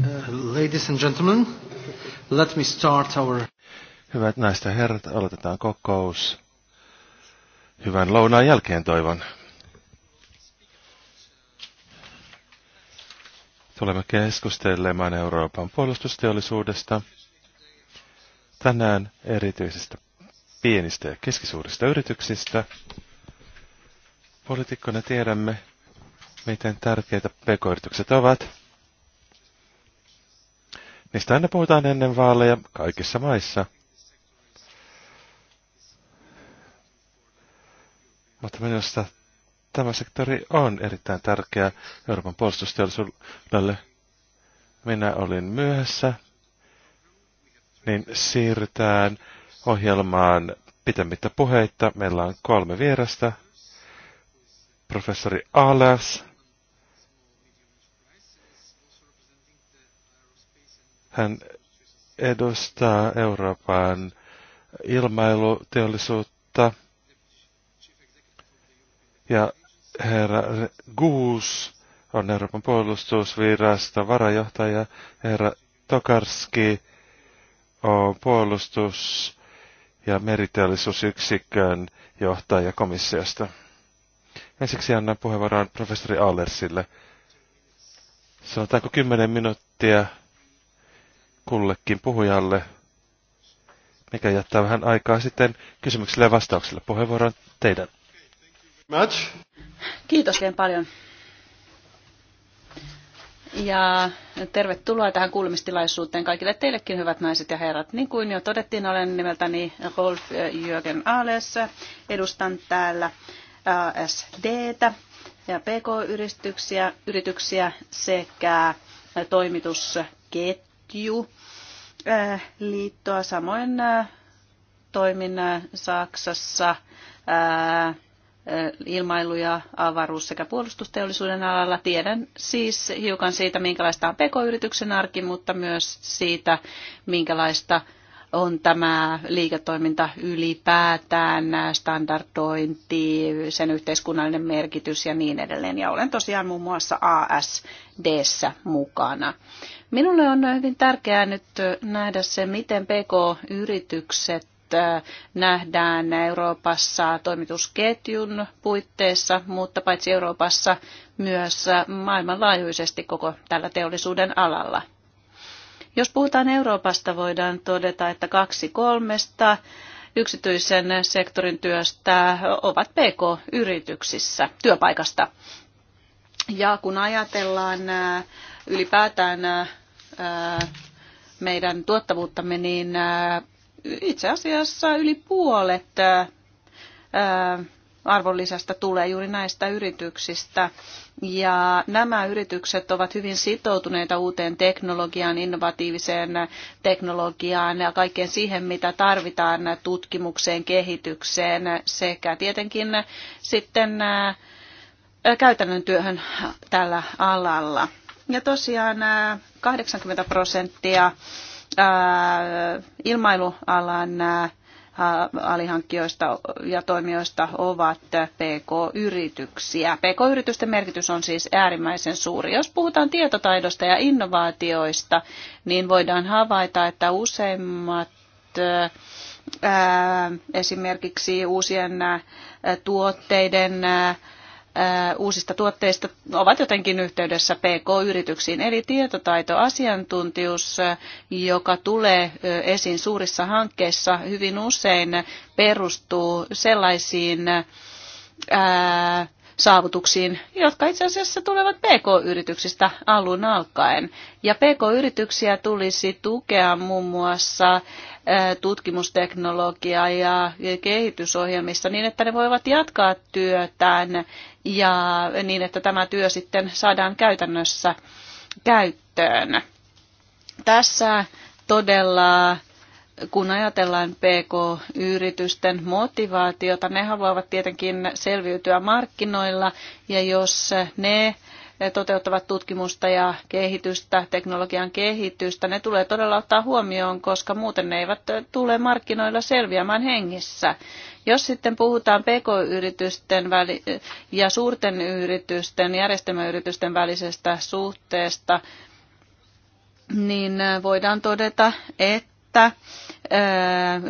Uh, ladies and gentlemen, let me start our... Hyvät näistä herrat, aloitetaan kokous. Hyvän lounaan jälkeen toivon. Tulemme keskustelemaan Euroopan puolustusteollisuudesta. Tänään erityisistä pienistä ja keskisuurista yrityksistä. Poliitikkoina tiedämme, miten tärkeitä pk-yritykset ovat. Niistä aina puhutaan ennen vaaleja kaikissa maissa. Mutta minusta tämä sektori on erittäin tärkeä Euroopan puolustusteollisuudelle. Minä olin myöhässä, niin siirrytään ohjelmaan pitämättä puheitta. Meillä on kolme vierasta. Professori Alas, Hän edustaa Euroopan ilmailuteollisuutta. Ja herra Guus on Euroopan puolustusvirasta varajohtaja. Herra Tokarski on puolustus- ja meriteollisuusyksikön johtaja komissiosta. Ensiksi annan puheenvuoron professori Allersille. Sanotaanko 10 minuuttia kullekin puhujalle, mikä jättää vähän aikaa sitten kysymyksille ja vastauksille. on teidän. Kiitos teidän paljon. Ja tervetuloa tähän kuulemistilaisuuteen kaikille teillekin, hyvät naiset ja herrat. Niin kuin jo todettiin, olen nimeltäni Rolf eh, Jürgen Aales. Edustan täällä ASDtä eh, ja PK-yrityksiä yrityksiä sekä eh, toimitusketju liittoa, samoin toimin Saksassa ilmailu- ja avaruus- sekä puolustusteollisuuden alalla. Tiedän siis hiukan siitä, minkälaista on pk-yrityksen arki, mutta myös siitä, minkälaista on tämä liiketoiminta ylipäätään, standardointi, sen yhteiskunnallinen merkitys ja niin edelleen. Ja olen tosiaan muun muassa ASDssä mukana. Minulle on hyvin tärkeää nyt nähdä se, miten PK-yritykset äh, nähdään Euroopassa toimitusketjun puitteissa, mutta paitsi Euroopassa myös äh, maailmanlaajuisesti koko tällä teollisuuden alalla. Jos puhutaan Euroopasta, voidaan todeta, että kaksi kolmesta yksityisen sektorin työstä ovat PK-yrityksissä työpaikasta. Ja kun ajatellaan ylipäätään meidän tuottavuuttamme, niin itse asiassa yli puolet arvonlisästä tulee juuri näistä yrityksistä. Ja nämä yritykset ovat hyvin sitoutuneita uuteen teknologiaan, innovatiiviseen teknologiaan ja kaikkeen siihen, mitä tarvitaan tutkimukseen, kehitykseen sekä tietenkin sitten käytännön työhön tällä alalla. Ja tosiaan 80 prosenttia ilmailualan Äh, alihankkijoista ja toimijoista ovat PK-yrityksiä. PK-yritysten merkitys on siis äärimmäisen suuri. Jos puhutaan tietotaidosta ja innovaatioista, niin voidaan havaita, että useimmat äh, esimerkiksi uusien äh, tuotteiden uusista tuotteista ovat jotenkin yhteydessä PK-yrityksiin. Eli tietotaito, asiantuntijuus, joka tulee esiin suurissa hankkeissa, hyvin usein perustuu sellaisiin ää, saavutuksiin, jotka itse asiassa tulevat PK-yrityksistä alun alkaen. Ja PK-yrityksiä tulisi tukea muun muassa tutkimusteknologiaa ja kehitysohjelmissa niin, että ne voivat jatkaa työtään ja niin, että tämä työ sitten saadaan käytännössä käyttöön. Tässä todella kun ajatellaan PK-yritysten motivaatiota, ne haluavat tietenkin selviytyä markkinoilla ja jos ne toteuttavat tutkimusta ja kehitystä, teknologian kehitystä, ne tulee todella ottaa huomioon, koska muuten ne eivät tule markkinoilla selviämään hengissä. Jos sitten puhutaan pk-yritysten ja suurten yritysten, järjestelmäyritysten välisestä suhteesta, niin voidaan todeta, että että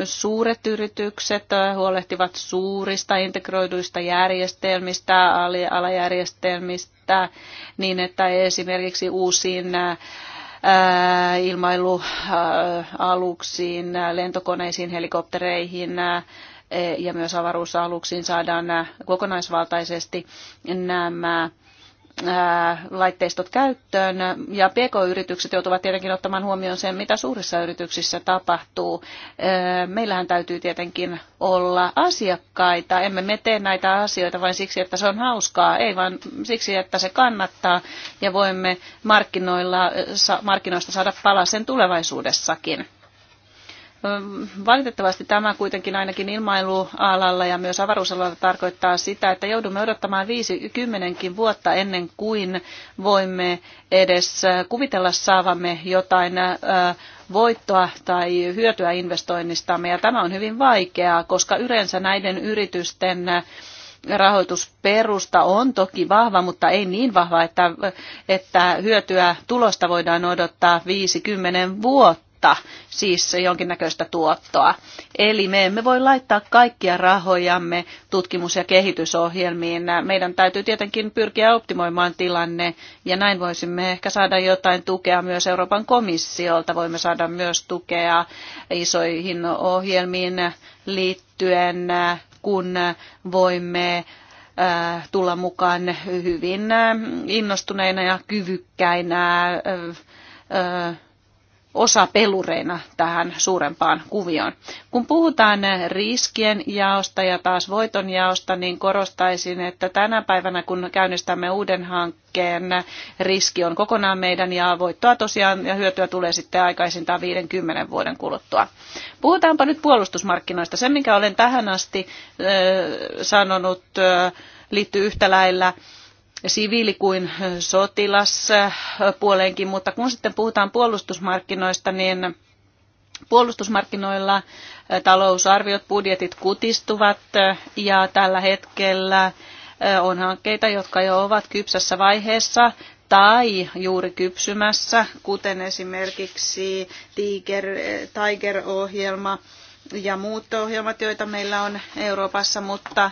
suuret yritykset huolehtivat suurista integroiduista järjestelmistä, alajärjestelmistä, niin että esimerkiksi uusiin ilmailualuksiin, lentokoneisiin, helikoptereihin ja myös avaruusaluksiin saadaan kokonaisvaltaisesti nämä laitteistot käyttöön ja PK-yritykset joutuvat tietenkin ottamaan huomioon sen, mitä suurissa yrityksissä tapahtuu. Meillähän täytyy tietenkin olla asiakkaita. Emme me tee näitä asioita vain siksi, että se on hauskaa, ei vaan siksi, että se kannattaa ja voimme markkinoilla, markkinoista saada palasen tulevaisuudessakin. Valitettavasti tämä kuitenkin ainakin ilmailualalla ja myös avaruusalalla tarkoittaa sitä, että joudumme odottamaan 50 vuotta ennen kuin voimme edes kuvitella saavamme jotain voittoa tai hyötyä investoinnistamme. Ja tämä on hyvin vaikeaa, koska yleensä näiden yritysten rahoitusperusta on toki vahva, mutta ei niin vahva, että, että hyötyä tulosta voidaan odottaa 50 vuotta tuotetta, siis jonkinnäköistä tuottoa. Eli me emme voi laittaa kaikkia rahojamme tutkimus- ja kehitysohjelmiin. Meidän täytyy tietenkin pyrkiä optimoimaan tilanne ja näin voisimme ehkä saada jotain tukea myös Euroopan komissiolta. Voimme saada myös tukea isoihin ohjelmiin liittyen, kun voimme äh, tulla mukaan hyvin äh, innostuneina ja kyvykkäinä äh, osa pelureina tähän suurempaan kuvioon. Kun puhutaan riskien jaosta ja taas voiton jaosta, niin korostaisin, että tänä päivänä kun käynnistämme uuden hankkeen, riski on kokonaan meidän ja voittoa tosiaan ja hyötyä tulee sitten aikaisintaan 50 vuoden kuluttua. Puhutaanpa nyt puolustusmarkkinoista. Se, minkä olen tähän asti äh, sanonut, äh, liittyy yhtä lailla siviili- kuin sotilaspuoleenkin, äh, mutta kun sitten puhutaan puolustusmarkkinoista, niin puolustusmarkkinoilla äh, talousarviot, budjetit kutistuvat äh, ja tällä hetkellä on hankkeita, jotka jo ovat kypsässä vaiheessa tai juuri kypsymässä, kuten esimerkiksi Tiger, Tiger-ohjelma ja muut ohjelmat, joita meillä on Euroopassa, mutta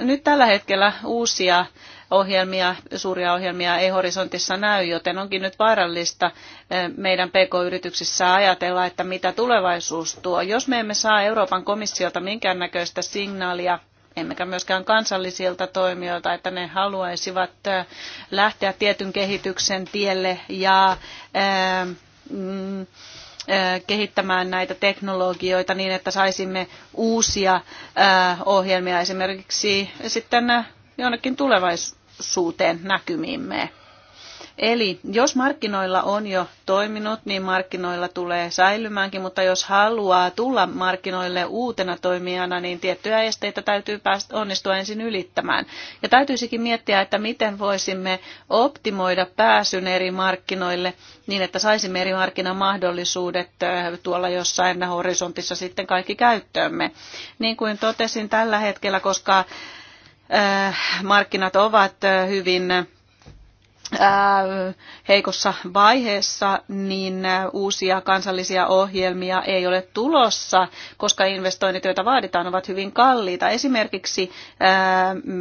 nyt tällä hetkellä uusia ohjelmia, suuria ohjelmia ei horisontissa näy, joten onkin nyt vaarallista eh, meidän PK-yrityksissä ajatella, että mitä tulevaisuus tuo. Jos me emme saa Euroopan komissiolta minkäännäköistä signaalia emmekä myöskään kansallisilta toimijoilta, että ne haluaisivat eh, lähteä tietyn kehityksen tielle ja ää, eh, mm, kehittämään näitä teknologioita niin, että saisimme uusia ohjelmia esimerkiksi sitten jonnekin tulevais- tulevaisuuteen näkymiimme. Eli jos markkinoilla on jo toiminut, niin markkinoilla tulee säilymäänkin, mutta jos haluaa tulla markkinoille uutena toimijana, niin tiettyjä esteitä täytyy päästä onnistua ensin ylittämään. Ja täytyisikin miettiä, että miten voisimme optimoida pääsyn eri markkinoille niin, että saisimme eri markkinamahdollisuudet tuolla jossain horisontissa sitten kaikki käyttöömme. Niin kuin totesin tällä hetkellä, koska Äh, markkinat ovat äh, hyvin äh, heikossa vaiheessa, niin uusia kansallisia ohjelmia ei ole tulossa, koska investoinnit, joita vaaditaan, ovat hyvin kalliita. Esimerkiksi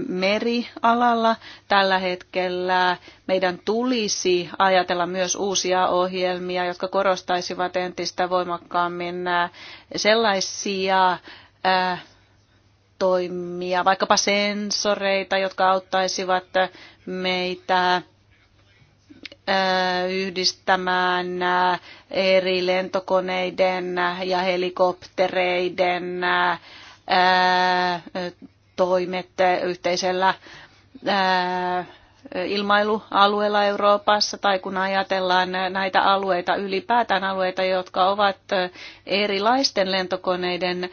merialalla tällä hetkellä meidän tulisi ajatella myös uusia ohjelmia, jotka korostaisivat entistä voimakkaammin sellaisia toimia, vaikkapa sensoreita, jotka auttaisivat meitä äh, yhdistämään äh, eri lentokoneiden ja helikoptereiden äh, toimet yhteisellä ilmailualueella Euroopassa tai kun ajatellaan näitä alueita ylipäätään alueita, jotka ovat erilaisten lentokoneiden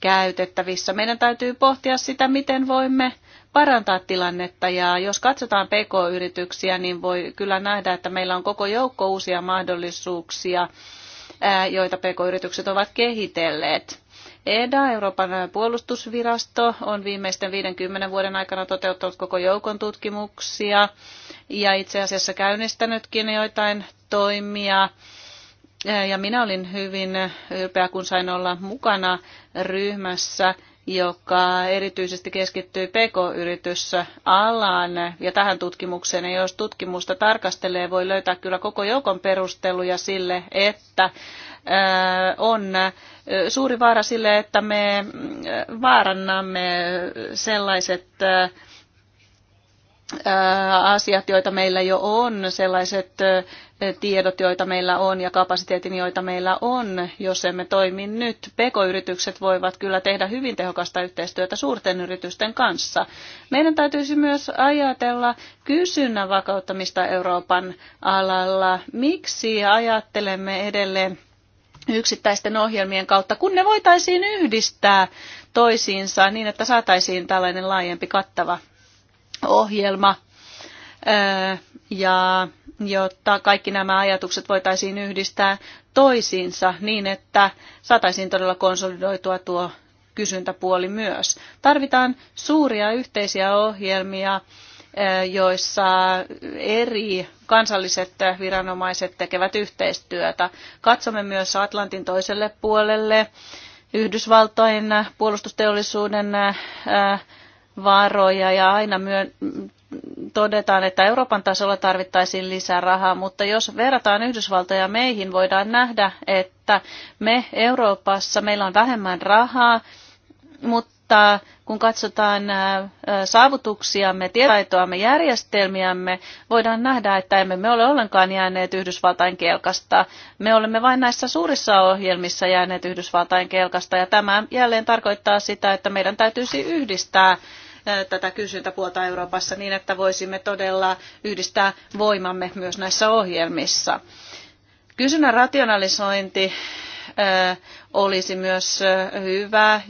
käytettävissä. Meidän täytyy pohtia sitä, miten voimme parantaa tilannetta ja jos katsotaan PK-yrityksiä, niin voi kyllä nähdä, että meillä on koko joukko uusia mahdollisuuksia, joita PK-yritykset ovat kehitelleet. EDA, Euroopan puolustusvirasto, on viimeisten 50 vuoden aikana toteuttanut koko joukon tutkimuksia ja itse asiassa käynnistänytkin joitain toimia Äh, ja minä olin hyvin ylpeä, kun sain olla mukana ryhmässä, joka erityisesti keskittyy PK-yritysalaan ja tähän tutkimukseen. Ja jos tutkimusta tarkastelee, voi löytää kyllä koko joukon perusteluja sille, että äh, on äh, suuri vaara sille, että me vaarannamme sellaiset Äh, asiat, joita meillä jo on, sellaiset äh, tiedot, joita meillä on ja kapasiteetin, joita meillä on, jos emme toimi nyt. PK-yritykset voivat kyllä tehdä hyvin tehokasta yhteistyötä suurten yritysten kanssa. Meidän täytyisi myös ajatella kysynnän vakauttamista Euroopan alalla. Miksi ajattelemme edelleen yksittäisten ohjelmien kautta, kun ne voitaisiin yhdistää toisiinsa niin, että saataisiin tällainen laajempi kattava ohjelma ja jotta kaikki nämä ajatukset voitaisiin yhdistää toisiinsa niin, että saataisiin todella konsolidoitua tuo kysyntäpuoli myös. Tarvitaan suuria yhteisiä ohjelmia, joissa eri kansalliset viranomaiset tekevät yhteistyötä. Katsomme myös Atlantin toiselle puolelle Yhdysvaltojen puolustusteollisuuden varoja ja aina myön, todetaan, että Euroopan tasolla tarvittaisiin lisää rahaa, mutta jos verrataan Yhdysvaltoja meihin, voidaan nähdä, että me Euroopassa, meillä on vähemmän rahaa, mutta kun katsotaan äh, äh, saavutuksiamme, tietoamme, järjestelmiämme, voidaan nähdä, että emme me ole ollenkaan jääneet Yhdysvaltain kelkasta. Me olemme vain näissä suurissa ohjelmissa jääneet Yhdysvaltain kelkasta, ja tämä jälleen tarkoittaa sitä, että meidän täytyisi yhdistää tätä kysyntäpuolta Euroopassa niin, että voisimme todella yhdistää voimamme myös näissä ohjelmissa. Kysynnän rationalisointi olisi myös hyvä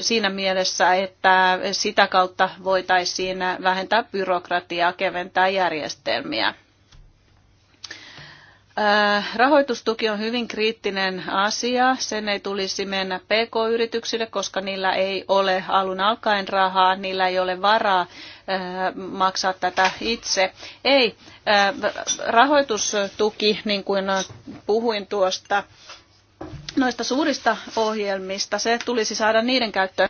siinä mielessä, että sitä kautta voitaisiin vähentää byrokratiaa, keventää järjestelmiä. Äh, rahoitustuki on hyvin kriittinen asia. Sen ei tulisi mennä pk-yrityksille, koska niillä ei ole alun alkaen rahaa, niillä ei ole varaa äh, maksaa tätä itse. Ei, äh, rahoitustuki, niin kuin puhuin tuosta noista suurista ohjelmista, se tulisi saada niiden käyttöön.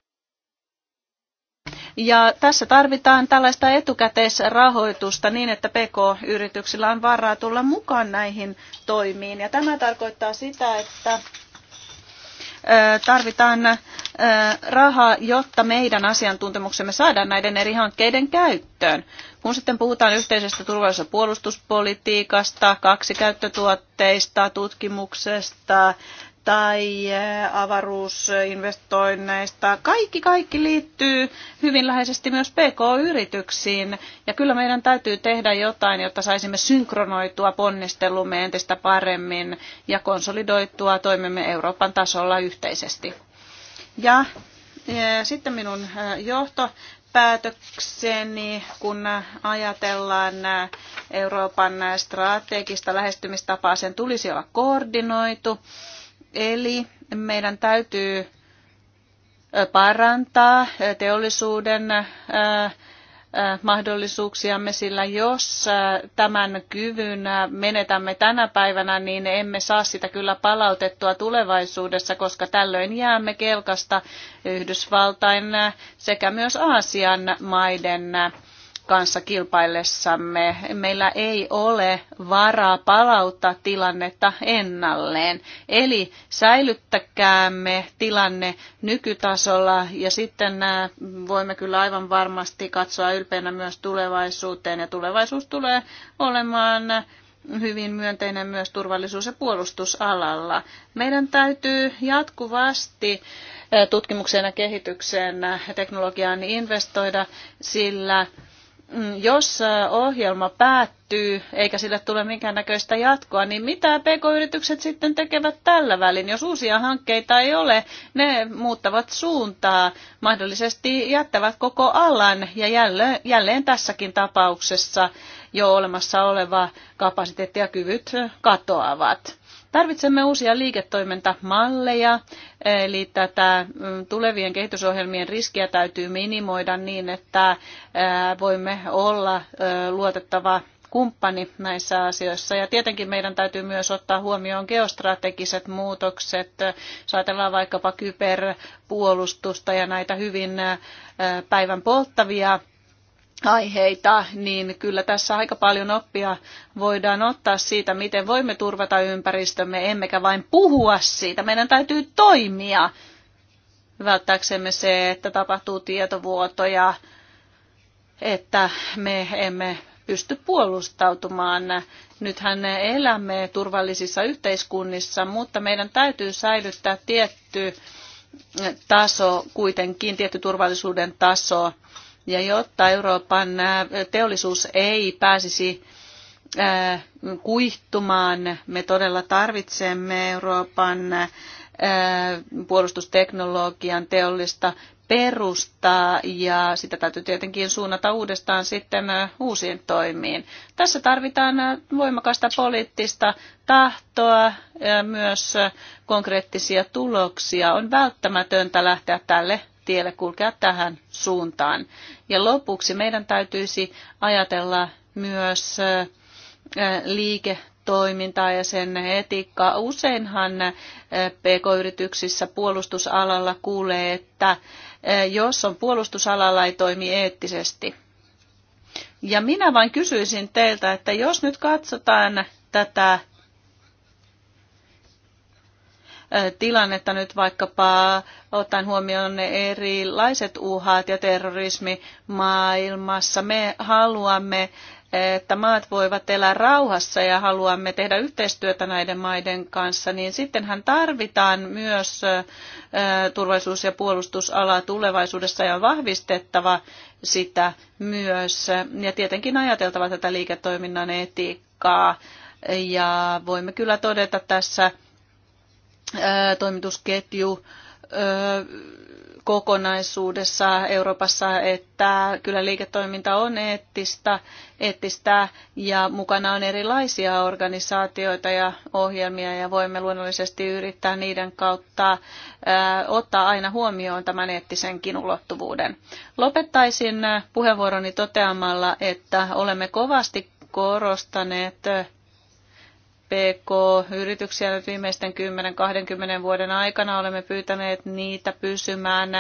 Ja tässä tarvitaan tällaista etukäteisrahoitusta niin, että PK-yrityksillä on varaa tulla mukaan näihin toimiin. Ja tämä tarkoittaa sitä, että tarvitaan rahaa, jotta meidän asiantuntemuksemme saadaan näiden eri hankkeiden käyttöön. Kun sitten puhutaan yhteisestä turvallisuus- ja puolustuspolitiikasta, kaksikäyttötuotteista, tutkimuksesta, tai eh, avaruusinvestoinneista. Kaikki kaikki liittyy hyvin läheisesti myös PK-yrityksiin ja kyllä meidän täytyy tehdä jotain, jotta saisimme synkronoitua ponnistelumme entistä paremmin ja konsolidoitua toimimme Euroopan tasolla yhteisesti. Ja eh, sitten minun eh, päätökseni, kun ajatellaan Euroopan strategista lähestymistapaa, sen tulisi olla koordinoitu Eli meidän täytyy parantaa teollisuuden mahdollisuuksiamme, sillä jos tämän kyvyn menetämme tänä päivänä, niin emme saa sitä kyllä palautettua tulevaisuudessa, koska tällöin jäämme kelkasta Yhdysvaltain sekä myös Aasian maiden kanssa kilpaillessamme. Meillä ei ole varaa palauttaa tilannetta ennalleen. Eli säilyttäkäämme tilanne nykytasolla ja sitten äh, voimme kyllä aivan varmasti katsoa ylpeänä myös tulevaisuuteen. Ja tulevaisuus tulee olemaan hyvin myönteinen myös turvallisuus- ja puolustusalalla. Meidän täytyy jatkuvasti äh, tutkimukseen ja kehitykseen äh, ja teknologiaan investoida, sillä Mm, jos ohjelma päättyy eikä sille tule minkäännäköistä jatkoa, niin mitä pk-yritykset sitten tekevät tällä välin? Jos uusia hankkeita ei ole, ne muuttavat suuntaa, mahdollisesti jättävät koko alan ja jälleen, jälleen tässäkin tapauksessa jo olemassa oleva kapasiteetti ja kyvyt katoavat. Tarvitsemme uusia liiketoimintamalleja, eli tätä mm, tulevien kehitysohjelmien riskiä täytyy minimoida niin, että voimme olla luotettava kumppani näissä asioissa. Ja tietenkin meidän täytyy myös ottaa huomioon geostrategiset muutokset. Saatellaan vaikkapa kyberpuolustusta ja näitä hyvin päivän polttavia aiheita, niin kyllä tässä aika paljon oppia voidaan ottaa siitä, miten voimme turvata ympäristömme, emmekä vain puhua siitä. Meidän täytyy toimia välttääksemme se, että tapahtuu tietovuotoja, että me emme pysty puolustautumaan. Nythän elämme turvallisissa yhteiskunnissa, mutta meidän täytyy säilyttää tietty taso kuitenkin, tietty turvallisuuden taso ja jotta Euroopan teollisuus ei pääsisi kuihtumaan, me todella tarvitsemme Euroopan puolustusteknologian teollista perustaa ja sitä täytyy tietenkin suunnata uudestaan sitten uusiin toimiin. Tässä tarvitaan voimakasta poliittista tahtoa ja myös konkreettisia tuloksia. On välttämätöntä lähteä tälle tielle kulkea tähän suuntaan. Ja lopuksi meidän täytyisi ajatella myös liiketoimintaa ja sen etiikkaa. Useinhan PK-yrityksissä puolustusalalla kuulee, että jos on puolustusalalla, ei toimi eettisesti. Ja minä vain kysyisin teiltä, että jos nyt katsotaan tätä tilannetta nyt vaikkapa ottaen huomioon ne erilaiset uhat ja terrorismi maailmassa. Me haluamme että maat voivat elää rauhassa ja haluamme tehdä yhteistyötä näiden maiden kanssa, niin sittenhän tarvitaan myös turvallisuus- ja puolustusalaa tulevaisuudessa ja on vahvistettava sitä myös. Ja tietenkin ajateltava tätä liiketoiminnan etiikkaa. Ja voimme kyllä todeta tässä toimitusketju kokonaisuudessa Euroopassa, että kyllä liiketoiminta on eettistä, eettistä ja mukana on erilaisia organisaatioita ja ohjelmia ja voimme luonnollisesti yrittää niiden kautta ottaa aina huomioon tämän eettisenkin ulottuvuuden. Lopettaisin puheenvuoroni toteamalla, että olemme kovasti korostaneet PK-yrityksiä nyt viimeisten 10-20 vuoden aikana. Olemme pyytäneet niitä pysymään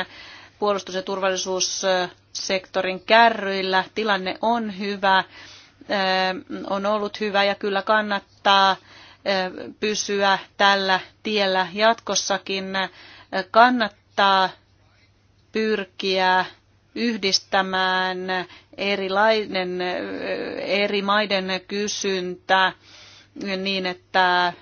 puolustus- ja turvallisuussektorin kärryillä. Tilanne on hyvä, eh, on ollut hyvä ja kyllä kannattaa eh, pysyä tällä tiellä jatkossakin. Kannattaa pyrkiä yhdistämään erilainen, eh, eri maiden kysyntä niin, että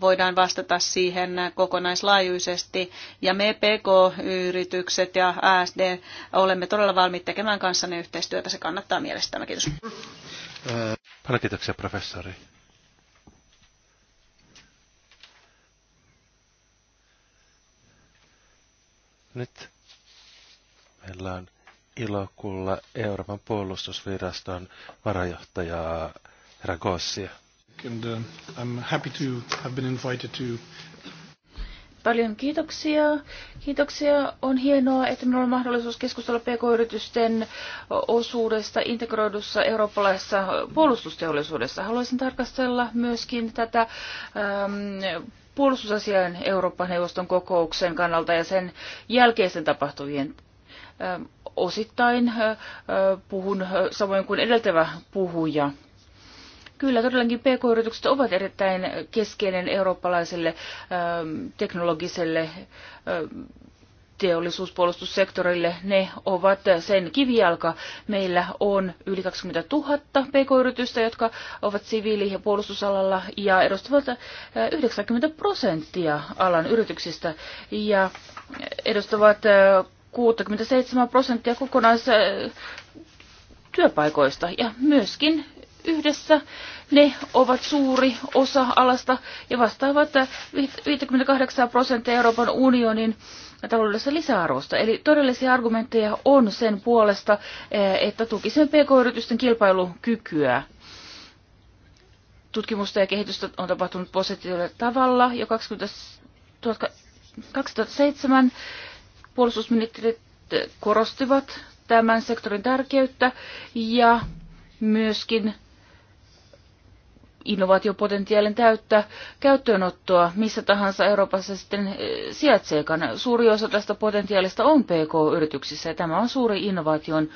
voidaan vastata siihen kokonaislaajuisesti. Ja me PK-yritykset ja ASD olemme todella valmiit tekemään kanssanne yhteistyötä. Se kannattaa mielestäni. Kiitos. Paljon kiitoksia, professori. Nyt meillä on ilo kuulla Euroopan puolustusviraston varajohtajaa Herra Gossia and uh, I'm happy to have been invited to Paljon kiitoksia. Kiitoksia. On hienoa, että minulla on mahdollisuus keskustella pk-yritysten osuudesta integroidussa eurooppalaisessa puolustusteollisuudessa. Haluaisin tarkastella myöskin tätä ähm, puolustusasian Euroopan neuvoston kokouksen kannalta ja sen jälkeisten tapahtuvien ähm, osittain äh, äh puhun äh, samoin kuin edeltävä puhuja. Kyllä, todellakin PK-yritykset ovat erittäin keskeinen eurooppalaiselle ähm, teknologiselle ähm, teollisuuspuolustussektorille, ne ovat sen kivijalka. Meillä on yli 20 000 pk-yritystä, jotka ovat siviili- ja puolustusalalla ja edustavat 90 äh, prosenttia alan yrityksistä ja edustavat 67 äh, prosenttia kokonais äh, työpaikoista ja myöskin yhdessä. Ne ovat suuri osa alasta ja vastaavat 58 prosenttia Euroopan unionin taloudellisesta lisäarvosta. Eli todellisia argumentteja on sen puolesta, eh, että tukisen pk-yritysten kilpailukykyä. Tutkimusta ja kehitystä on tapahtunut positiivisella tavalla jo 2007 puolustusministerit eh, korostivat tämän sektorin tärkeyttä ja myöskin innovaatiopotentiaalin täyttä käyttöönottoa missä tahansa Euroopassa sitten eh, sijaitseekaan. Suuri osa tästä potentiaalista on PK-yrityksissä ja tämä on suuri innovaation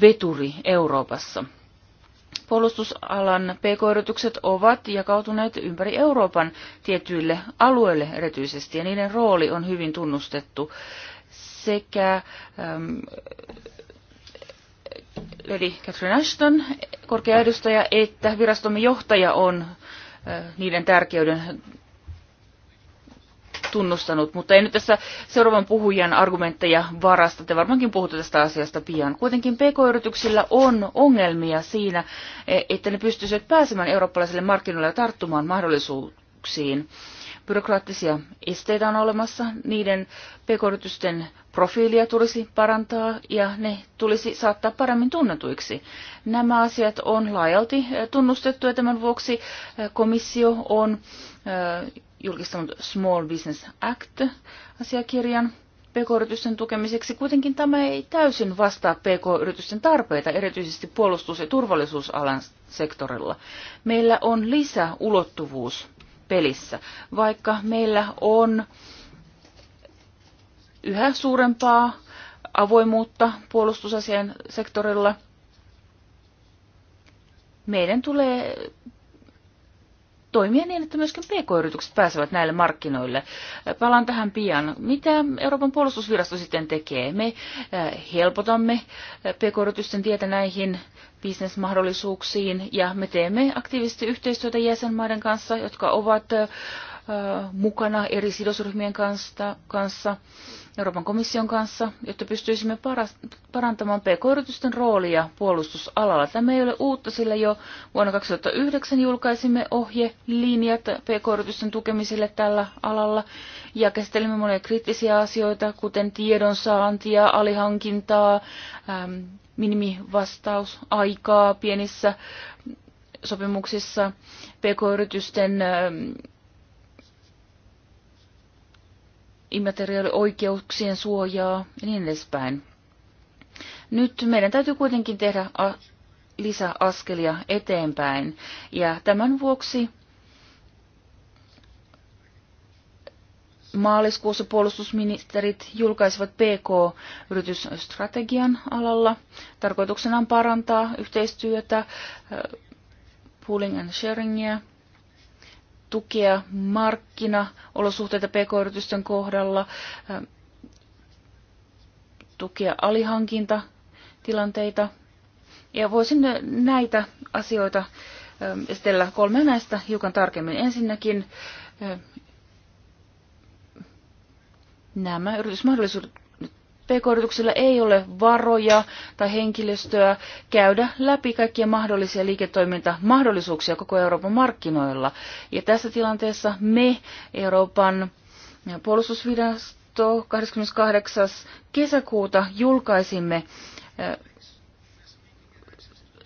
veturi Euroopassa. Puolustusalan PK-yritykset ovat jakautuneet ympäri Euroopan tietyille alueille erityisesti ja niiden rooli on hyvin tunnustettu sekä ähm, Lady Catherine Ashton, korkea edustaja, että virastomme johtaja on niiden tärkeyden tunnustanut, mutta ei nyt tässä seuraavan puhujan argumentteja varasta. Te varmaankin puhutte tästä asiasta pian. Kuitenkin PK-yrityksillä on ongelmia siinä, e, että ne pystyisivät pääsemään eurooppalaisille markkinoille ja tarttumaan mahdollisuuksiin byrokraattisia esteitä on olemassa, niiden pk profiilia tulisi parantaa ja ne tulisi saattaa paremmin tunnetuiksi. Nämä asiat on laajalti eh, tunnustettu ja tämän vuoksi eh, komissio on eh, julkistanut Small Business Act-asiakirjan PK-yritysten tukemiseksi. Kuitenkin tämä ei täysin vastaa PK-yritysten tarpeita, erityisesti puolustus- ja turvallisuusalan sektorilla. Meillä on lisäulottuvuus pelissä. Vaikka meillä on yhä suurempaa avoimuutta puolustusasian sektorilla, meidän tulee toimia niin, että myöskin PK-yritykset pääsevät näille markkinoille. Palaan tähän pian. Mitä Euroopan puolustusvirasto sitten tekee? Me eh, helpotamme eh, PK-yritysten tietä näihin bisnesmahdollisuuksiin ja me teemme aktiivisesti yhteistyötä jäsenmaiden kanssa, jotka ovat eh, mukana eri sidosryhmien kanssa. kanssa Euroopan komission kanssa, jotta pystyisimme parantamaan pk-yritysten roolia puolustusalalla. Tämä ei ole uutta, sillä jo vuonna 2009 julkaisimme ohjelinjat pk-yritysten tukemiselle tällä alalla ja käsittelimme monia kriittisiä asioita, kuten tiedonsaantia, alihankintaa, ähm, minimivastausaikaa pienissä sopimuksissa, pk-yritysten ähm, immateriaalioikeuksien suojaa ja niin edespäin. Nyt meidän täytyy kuitenkin tehdä lisäaskelia eteenpäin ja tämän vuoksi maaliskuussa puolustusministerit julkaisivat PK-yritysstrategian alalla. Tarkoituksena on parantaa yhteistyötä, äh, pooling and sharingia, tukea markkinaolosuhteita pk-yritysten kohdalla, ähm, tukea alihankintatilanteita. Ja voisin näitä asioita ähm, esitellä kolme näistä hiukan tarkemmin. Ensinnäkin ähm, nämä yritysmahdollisuudet PK-yrityksillä ei ole varoja tai henkilöstöä käydä läpi kaikkia mahdollisia liiketoimintamahdollisuuksia koko Euroopan markkinoilla. Ja tässä tilanteessa me Euroopan puolustusvirasto 28. kesäkuuta julkaisimme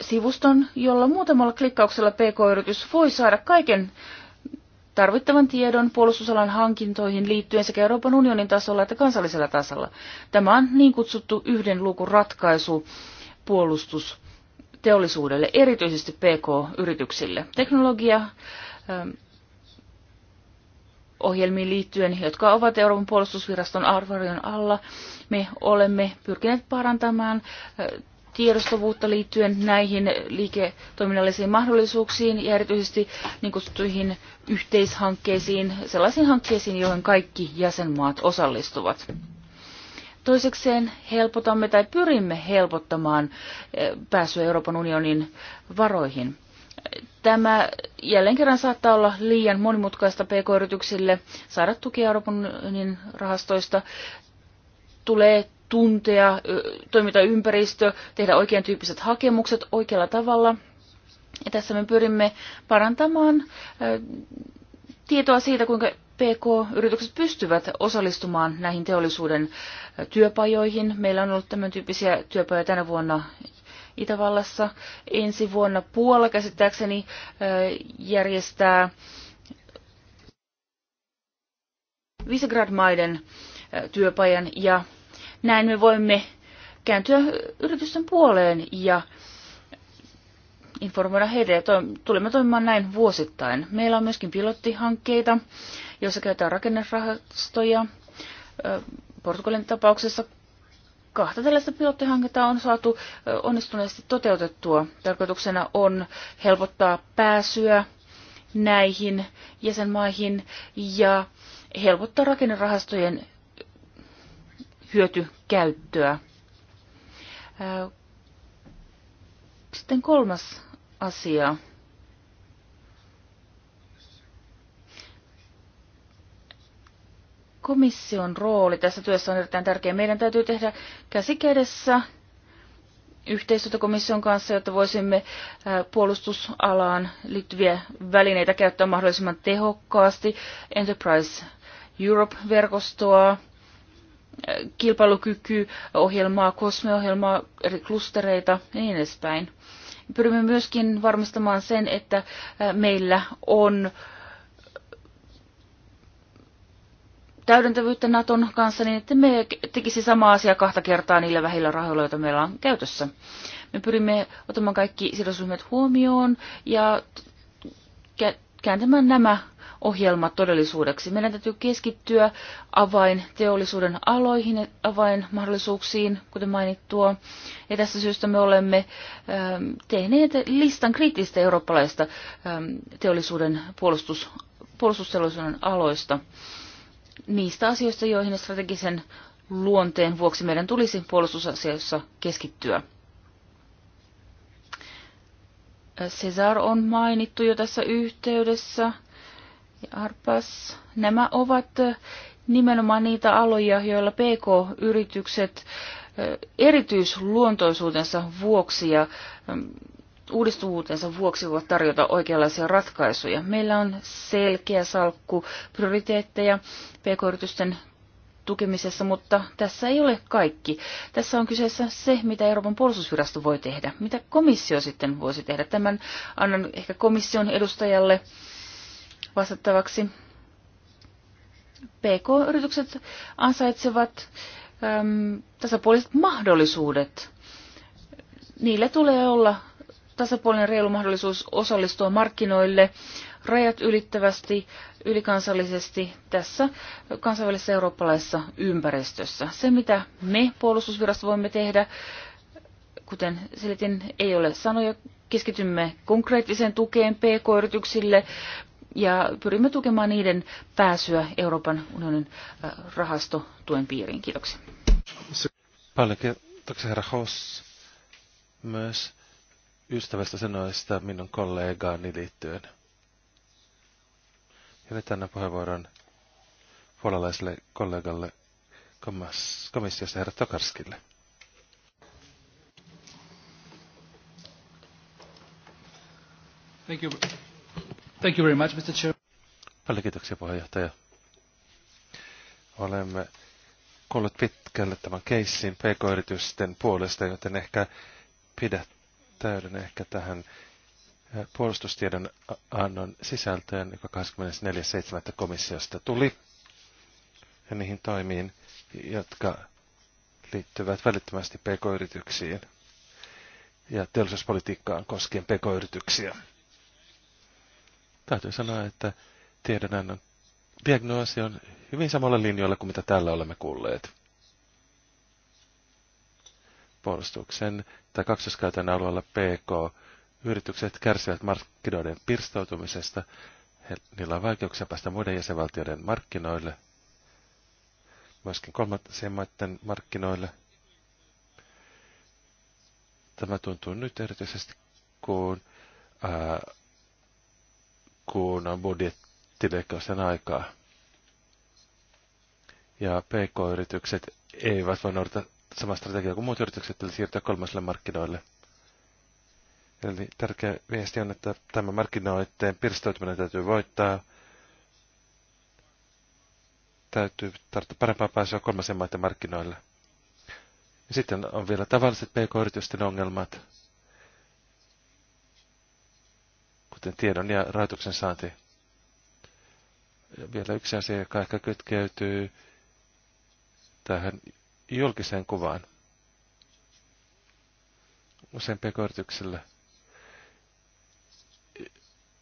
sivuston, jolla muutamalla klikkauksella PK-yritys voi saada kaiken tarvittavan tiedon puolustusalan hankintoihin liittyen sekä Euroopan unionin tasolla että kansallisella tasolla. Tämä on niin kutsuttu yhden luukun ratkaisu puolustusteollisuudelle, erityisesti PK-yrityksille. Teknologia ähm, ohjelmiin liittyen, jotka ovat Euroopan puolustusviraston arvarion alla. Me olemme pyrkineet parantamaan äh, tiedostavuutta liittyen näihin liiketoiminnallisiin mahdollisuuksiin ja erityisesti niin kutsuttuihin yhteishankkeisiin, sellaisiin hankkeisiin, joihin kaikki jäsenmaat osallistuvat. Toisekseen helpotamme tai pyrimme helpottamaan eh, pääsyä Euroopan unionin varoihin. Tämä jälleen kerran saattaa olla liian monimutkaista pk-yrityksille saada tukea Euroopan unionin rahastoista. Tulee tuntea toimintaympäristö, tehdä oikean tyyppiset hakemukset oikealla tavalla. Ja tässä me pyrimme parantamaan tietoa siitä, kuinka PK-yritykset pystyvät osallistumaan näihin teollisuuden työpajoihin. Meillä on ollut tämän tyyppisiä työpajoja tänä vuonna Itävallassa. Ensi vuonna Puola käsittääkseni järjestää Visegrad-maiden työpajan ja näin me voimme kääntyä yritysten puoleen ja informoida heitä ja toim- tulemme toimimaan näin vuosittain. Meillä on myöskin pilottihankkeita, joissa käytetään rakennerahastoja. Portugalin tapauksessa kahta tällaista pilottihanketta on saatu onnistuneesti toteutettua. Tarkoituksena on helpottaa pääsyä näihin jäsenmaihin ja helpottaa rakennerahastojen hyötykäyttöä. Sitten kolmas asia. Komission rooli tässä työssä on erittäin tärkeä. Meidän täytyy tehdä käsi kädessä yhteistyötä komission kanssa, jotta voisimme puolustusalaan liittyviä välineitä käyttää mahdollisimman tehokkaasti. Enterprise Europe-verkostoa, kilpailukykyohjelmaa, kosmeohjelmaa, eri klustereita ja niin edespäin. Pyrimme myöskin varmistamaan sen, että meillä on täydentävyyttä Naton kanssa niin, että me tekisi sama asia kahta kertaa niillä vähillä rahoilla, joita meillä on käytössä. Me pyrimme ottamaan kaikki sidosryhmät huomioon ja kääntämään nämä ohjelma todellisuudeksi. Meidän täytyy keskittyä avain teollisuuden aloihin, avain mahdollisuuksiin, kuten mainittua. Ja tästä syystä me olemme ähm, tehneet listan kriittistä eurooppalaista ähm, teollisuuden puolustus, puolustusteollisuuden aloista. Niistä asioista, joihin strategisen luonteen vuoksi meidän tulisi puolustusasioissa keskittyä. Cesar on mainittu jo tässä yhteydessä ja Arpas, nämä ovat nimenomaan niitä aloja, joilla PK-yritykset erityisluontoisuutensa vuoksi ja uudistuvuutensa vuoksi voivat tarjota oikeanlaisia ratkaisuja. Meillä on selkeä salkku prioriteetteja pk-yritysten tukemisessa, mutta tässä ei ole kaikki. Tässä on kyseessä se, mitä Euroopan puolustusvirasto voi tehdä, mitä komissio sitten voisi tehdä. Tämän annan ehkä komission edustajalle vastattavaksi. PK-yritykset ansaitsevat äm, tasapuoliset mahdollisuudet. Niille tulee olla tasapuolinen reilu mahdollisuus osallistua markkinoille rajat ylittävästi, ylikansallisesti tässä kansainvälisessä eurooppalaisessa ympäristössä. Se, mitä me puolustusvirasto voimme tehdä, kuten selitin, ei ole sanoja. Keskitymme konkreettiseen tukeen PK-yrityksille, ja pyrimme tukemaan niiden pääsyä Euroopan unionin äh, rahastotuen piiriin. Kiitoksia. Paljon kiitoksia herra Hoss myös ystävästä sanoista minun kollegaani liittyen. Ja nyt annan puheenvuoron puolalaiselle kollegalle komissiossa herra Tokarskille. Thank you. Paljon kiitoksia, puheenjohtaja. Olemme kuulleet pitkälle tämän keissin pk-yritysten puolesta, joten ehkä pidättäydyn ehkä tähän eh, puolustustiedon annon sisältöön, joka 24.7. komissiosta tuli, ja niihin toimiin, jotka liittyvät välittömästi pk-yrityksiin ja teollisuuspolitiikkaan koskien pk-yrityksiä. Täytyy sanoa, että tiedonannon diagnoosi on hyvin samalla linjoilla kuin mitä täällä olemme kuulleet. Puolustuksen tai kaksoskäytön alueella PK-yritykset kärsivät markkinoiden pirstoutumisesta. He, niillä on vaikeuksia päästä muiden jäsenvaltioiden markkinoille, myöskin kolmansien maiden markkinoille. Tämä tuntuu nyt erityisesti, kun ää, kunnan budjettileikkausten aikaa. Ja PK-yritykset eivät voi noudata samaa strategiaa kuin muut yritykset, eli siirtyä kolmaselle markkinoille. Eli tärkeä viesti on, että tämä markkinoiden pirstoituminen täytyy voittaa. Täytyy tarttua parempaa pääsyä kolmasen maiden markkinoille. Ja sitten on vielä tavalliset PK-yritysten ongelmat – kuten tiedon ja rahoituksen saanti. Ja vielä yksi asia, joka ehkä kytkeytyy tähän julkiseen kuvaan. Usein pk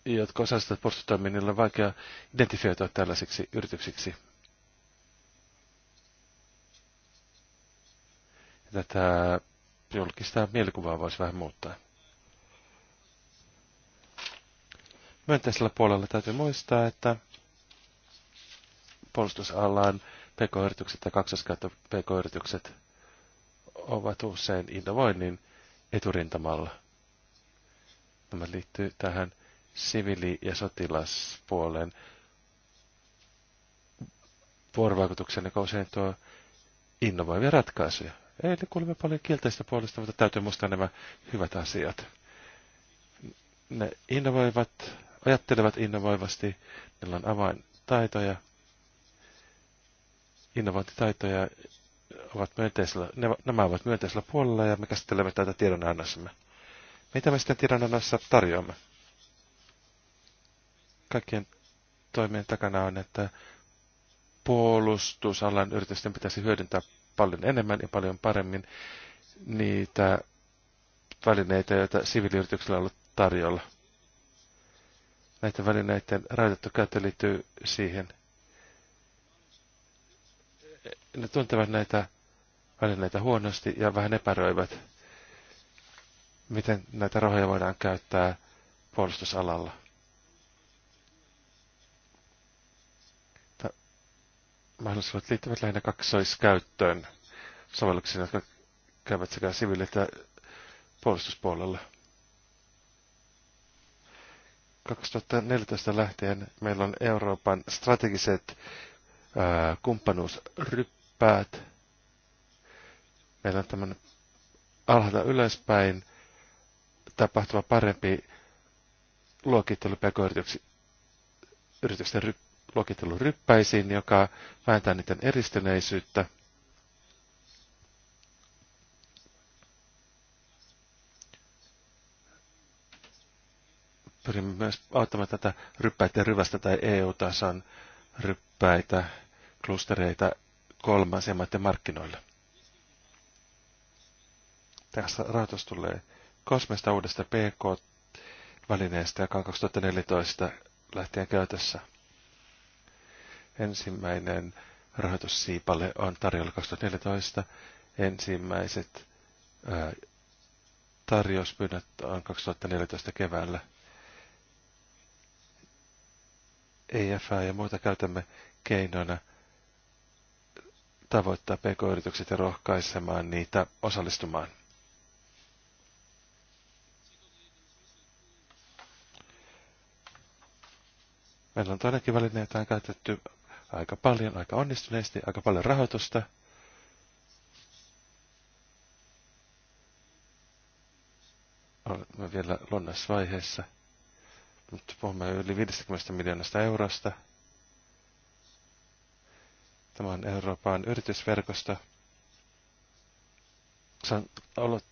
jotka osallistuvat puolustustoiminnille, on vaikea identifioitua tällaisiksi yrityksiksi. Tätä julkista mielikuvaa voisi vähän muuttaa. myönteisellä puolella täytyy muistaa, että puolustusalan pk-yritykset ja kaksoskäyttö pk-yritykset ovat usein innovoinnin eturintamalla. Tämä liittyy tähän siviili- ja sotilaspuolen vuorovaikutukseen, joka usein tuo innovoivia ratkaisuja. Eli kuulemme paljon kielteistä puolesta, mutta täytyy muistaa nämä hyvät asiat. Ne innovoivat ajattelevat innovoivasti, niillä on avaintaitoja, innovointitaitoja ovat myönteisellä, ne, nämä ovat myönteisellä puolella ja me käsittelemme tätä tiedonannossamme. Mitä me sitten tiedonannassa tarjoamme? Kaikkien toimien takana on, että puolustusalan yritysten pitäisi hyödyntää paljon enemmän ja paljon paremmin niitä välineitä, joita siviiliyrityksillä on ollut tarjolla näiden välineiden rajoitettu käyttö liittyy siihen. Ne tuntevat näitä välineitä huonosti ja vähän epäröivät, miten näitä rahoja voidaan käyttää puolustusalalla. Mahdollisuudet liittyvät lähinnä kaksoiskäyttöön sovelluksiin, jotka käyvät sekä siviili- että puolustuspuolella. 2014 lähtien meillä on Euroopan strategiset kumppanuusryppäät. Meillä on tämmöinen alhaalta ylöspäin tapahtuva parempi luokittelu pk-yritysten ry, ryppäisiin, joka vähentää niiden eristyneisyyttä – pyrimme myös auttamaan tätä ryppäitä ryvästä tai EU-tason ryppäitä, klustereita kolmansien maiden markkinoille. Tässä rahoitus tulee kosmesta uudesta PK-välineestä, joka on 2014 lähtien käytössä. Ensimmäinen rahoitussiipale on tarjolla 2014. Ensimmäiset ää, tarjouspyynnöt on 2014 keväällä – EFA ja muuta käytämme keinoina tavoittaa pk-yritykset ja rohkaisemaan niitä osallistumaan. Meillä on toinenkin väline, jota on käytetty aika paljon, aika onnistuneesti, aika paljon rahoitusta. Olemme vielä lonnasvaiheessa. vaiheessa. Nyt puhumme yli 50 miljoonasta eurosta. Tämä on Euroopan yritysverkosto. Se on ollut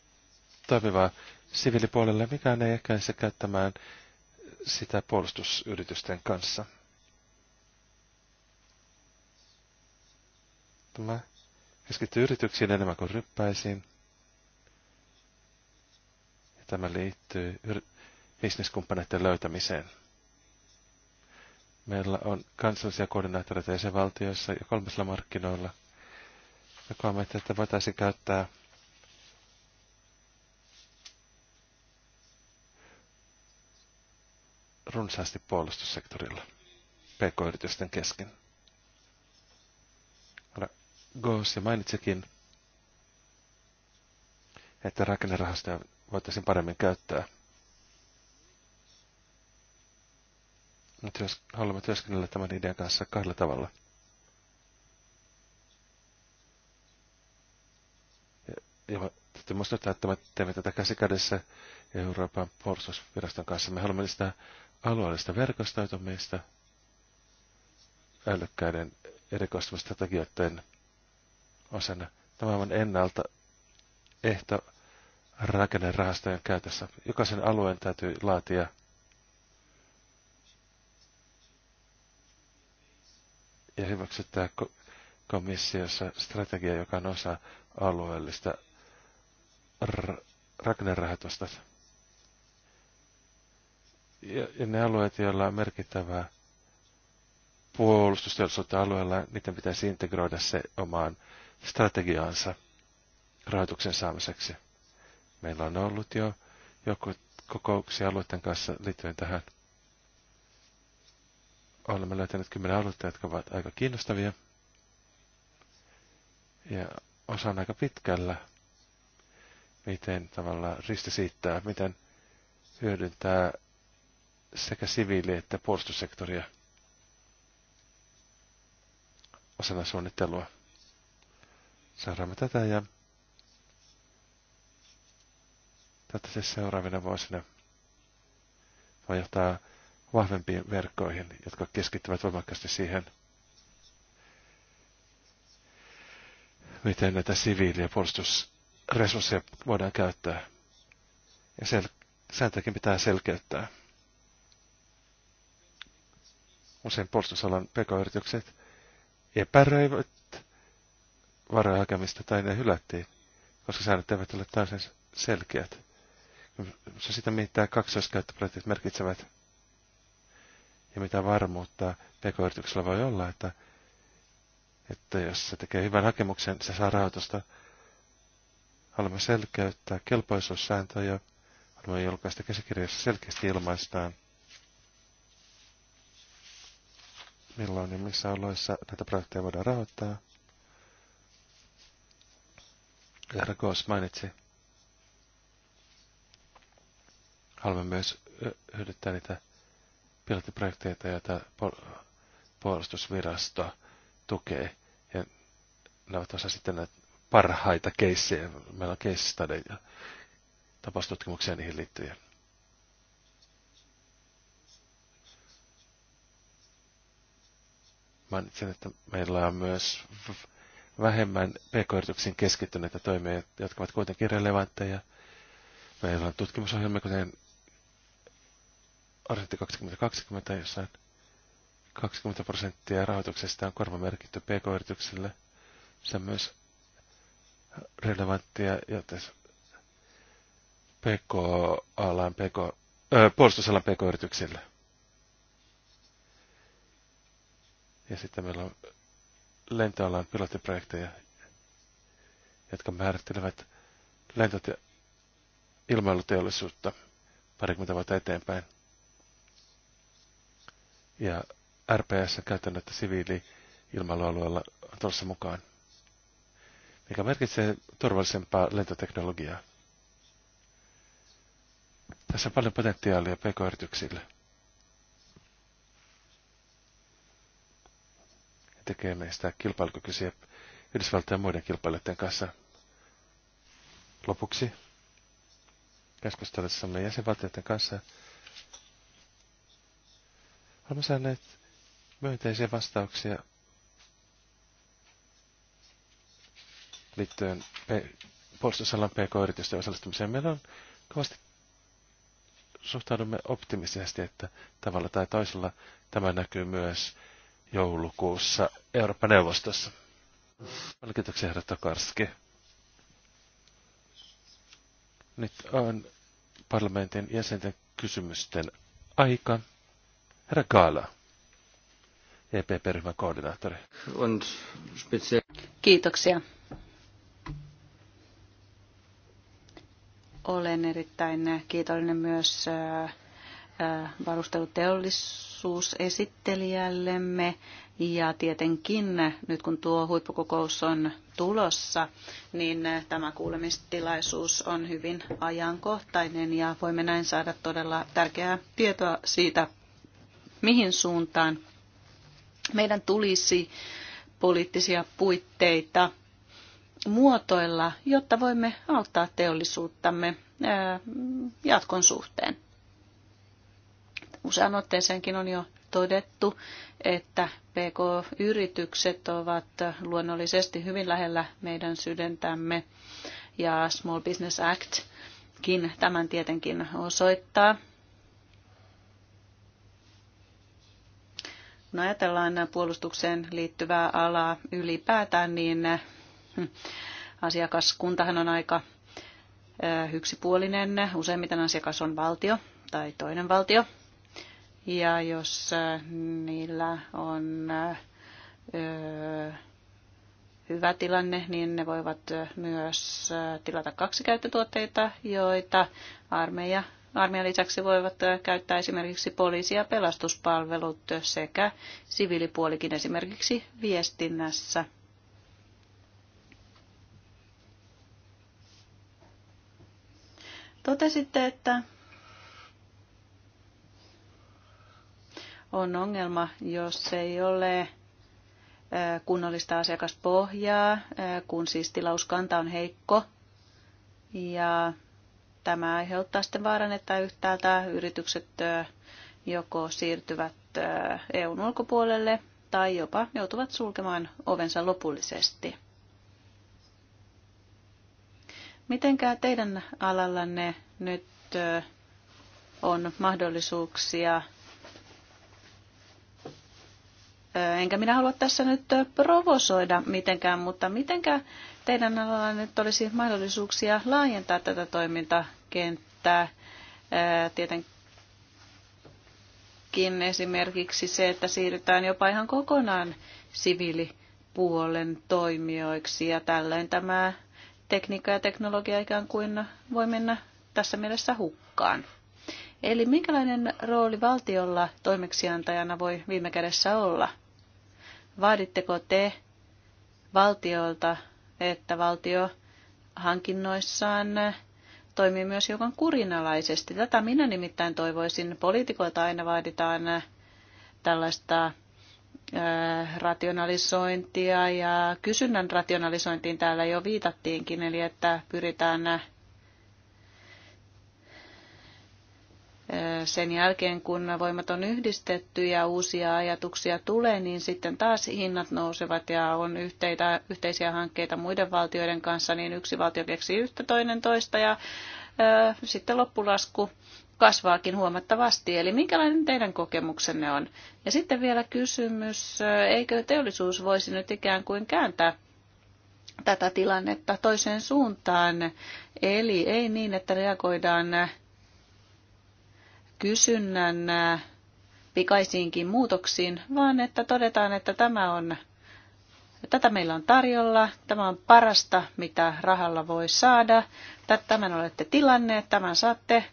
toimivaa siviilipuolelle, mikään ei ehkä se käyttämään sitä puolustusyritysten kanssa. Tämä keskittyy yrityksiin enemmän kuin ryppäisiin. Ja tämä liittyy bisneskumppaneiden löytämiseen. Meillä on kansallisia koordinaattoreita jäsenvaltioissa ja kolmessa markkinoilla. ja koemme, että voitaisiin käyttää runsaasti puolustussektorilla pk-yritysten kesken. Goos ja mainitsikin, että rakennerahastoja voitaisiin paremmin käyttää – työs, haluamme työskennellä tämän idean kanssa kahdella tavalla. Ja, ja täytyy muistuttaa, että me teemme tätä käsikädessä Euroopan puolustusviraston kanssa. Me haluamme sitä alueellista verkostoitumista, älykkäiden erikoistumistrategioiden osana. Tämä on ennalta ehto rakennerahastojen käytössä. Jokaisen alueen täytyy laatia – ja hyväksyttää komissiossa strategia, joka on osa alueellista rakennerahoitusta. Ja, ja ne alueet, joilla on merkittävää puolustusteollisuutta alueella, niiden pitäisi integroida se omaan strategiaansa rahoituksen saamiseksi. Meillä on ollut jo joku kokouksia alueiden kanssa liittyen tähän olemme löytäneet kymmenen aluetta, jotka ovat aika kiinnostavia. Ja osa on aika pitkällä, miten tavallaan risti siittää, miten hyödyntää sekä siviili- että puolustussektoria osana suunnittelua. Seuraamme tätä ja tätä siis seuraavina vuosina voi johtaa vahvempiin verkkoihin, jotka keskittyvät voimakkaasti siihen, miten näitä siviili- ja puolustusresursseja voidaan käyttää. Ja sel- sääntöjäkin pitää selkeyttää. Usein puolustusalan pk-yritykset epäröivät varojen hakemista tai ne hylättiin, koska säännöt eivät ole täysin selkeät. Se sitä, mitä kaksoiskäyttöprojektit merkitsevät ja mitä varmuutta pekoyrityksellä voi olla, että, että jos se tekee hyvän hakemuksen, se saa rahoitusta. Haluamme selkeyttää kelpoisuussääntöjä. Haluamme julkaista käsikirjassa selkeästi ilmaistaan, milloin ja missä oloissa näitä projekteja voidaan rahoittaa. Herra Goos mainitsi. Haluamme myös hyödyttää niitä pilottiprojekteita, joita puolustusvirasto tukee. Ja ne ovat osa sitten näitä parhaita keissejä. Meillä on case study ja tapaustutkimuksia niihin liittyen. sen että meillä on myös vähemmän pk-yrityksiin keskittyneitä toimia, jotka ovat kuitenkin relevantteja. Meillä on tutkimusohjelmia, kuten Arsetti 2020, jossa 20 prosenttia rahoituksesta on korvamerkitty pk yritykselle Se on myös relevanttia, joten PK-alan, PK, puolustusalan PK-yrityksille. Ja sitten meillä on lentoalan pilottiprojekteja, jotka määrittelevät lentot- ja ilmailuteollisuutta parikymmentä vuotta eteenpäin ja RPS käytännössä siviili ilmailualueella tulossa mukaan, mikä merkitsee turvallisempaa lentoteknologiaa. Tässä on paljon potentiaalia pk-yrityksille. tekee meistä kilpailukykyisiä Yhdysvaltain muiden kilpailijoiden kanssa. Lopuksi keskustelussamme jäsenvaltioiden kanssa Olemme saaneet myönteisiä vastauksia liittyen puolustusalan PK-yritysten osallistumiseen. Meillä on kovasti suhtaudumme optimistisesti, että tavalla tai toisella tämä näkyy myös joulukuussa Euroopan neuvostossa. Paljon kiitoksia, herra Tokarski. Nyt on parlamentin jäsenten kysymysten aika. Herra Kaala, EPP-ryhmän koordinaattori. Kiitoksia. Olen erittäin kiitollinen myös äh, äh, varusteluteollisuusesittelijällemme ja tietenkin nyt kun tuo huippukokous on tulossa, niin äh, tämä kuulemistilaisuus on hyvin ajankohtainen ja voimme näin saada todella tärkeää tietoa siitä, mihin suuntaan meidän tulisi poliittisia puitteita muotoilla, jotta voimme auttaa teollisuuttamme jatkon suhteen. Usean otteeseenkin on jo todettu, että PK-yritykset ovat luonnollisesti hyvin lähellä meidän sydäntämme ja Small Business Act tämän tietenkin osoittaa. kun ajatellaan puolustukseen liittyvää alaa ylipäätään, niin hm, asiakaskuntahan on aika yksipuolinen. Useimmiten asiakas on valtio tai toinen valtio. Ja jos niillä on hyvä tilanne, niin ne voivat myös tilata kaksikäyttötuotteita, joita armeija Armeijan lisäksi voivat käyttää esimerkiksi poliisia ja pelastuspalvelut sekä siviilipuolikin esimerkiksi viestinnässä. Totesitte, että on ongelma, jos ei ole kunnollista asiakaspohjaa, kun siis tilauskanta on heikko ja tämä aiheuttaa sitten vaaran, että yhtäältä yritykset joko siirtyvät EUn ulkopuolelle tai jopa joutuvat sulkemaan ovensa lopullisesti. Mitenkään teidän alallanne nyt on mahdollisuuksia Enkä minä halua tässä nyt provosoida mitenkään, mutta mitenkä teidän alalla nyt olisi mahdollisuuksia laajentaa tätä toimintakenttää? Tietenkin esimerkiksi se, että siirrytään jopa ihan kokonaan siviilipuolen toimijoiksi ja tällöin tämä tekniikka ja teknologia ikään kuin voi mennä tässä mielessä hukkaan. Eli minkälainen rooli valtiolla toimeksiantajana voi viime kädessä olla? Vaaditteko te valtiolta, että valtio hankinnoissaan toimii myös hiukan kurinalaisesti? Tätä minä nimittäin toivoisin. Poliitikoilta aina vaaditaan tällaista rationalisointia ja kysynnän rationalisointiin täällä jo viitattiinkin, eli että pyritään sen jälkeen, kun voimat on yhdistetty ja uusia ajatuksia tulee, niin sitten taas hinnat nousevat ja on yhteitä, yhteisiä hankkeita muiden valtioiden kanssa, niin yksi valtio keksii yhtä toinen toista ja sitten loppulasku kasvaakin huomattavasti. Eli minkälainen teidän kokemuksenne on? Ja sitten vielä kysymys, eikö teollisuus voisi nyt ikään kuin kääntää tätä tilannetta toiseen suuntaan? Eli ei niin, että reagoidaan kysynnän pikaisiinkin muutoksiin, vaan että todetaan, että tämä on, tätä meillä on tarjolla, tämä on parasta, mitä rahalla voi saada, tämän olette tilanneet, tämän saatte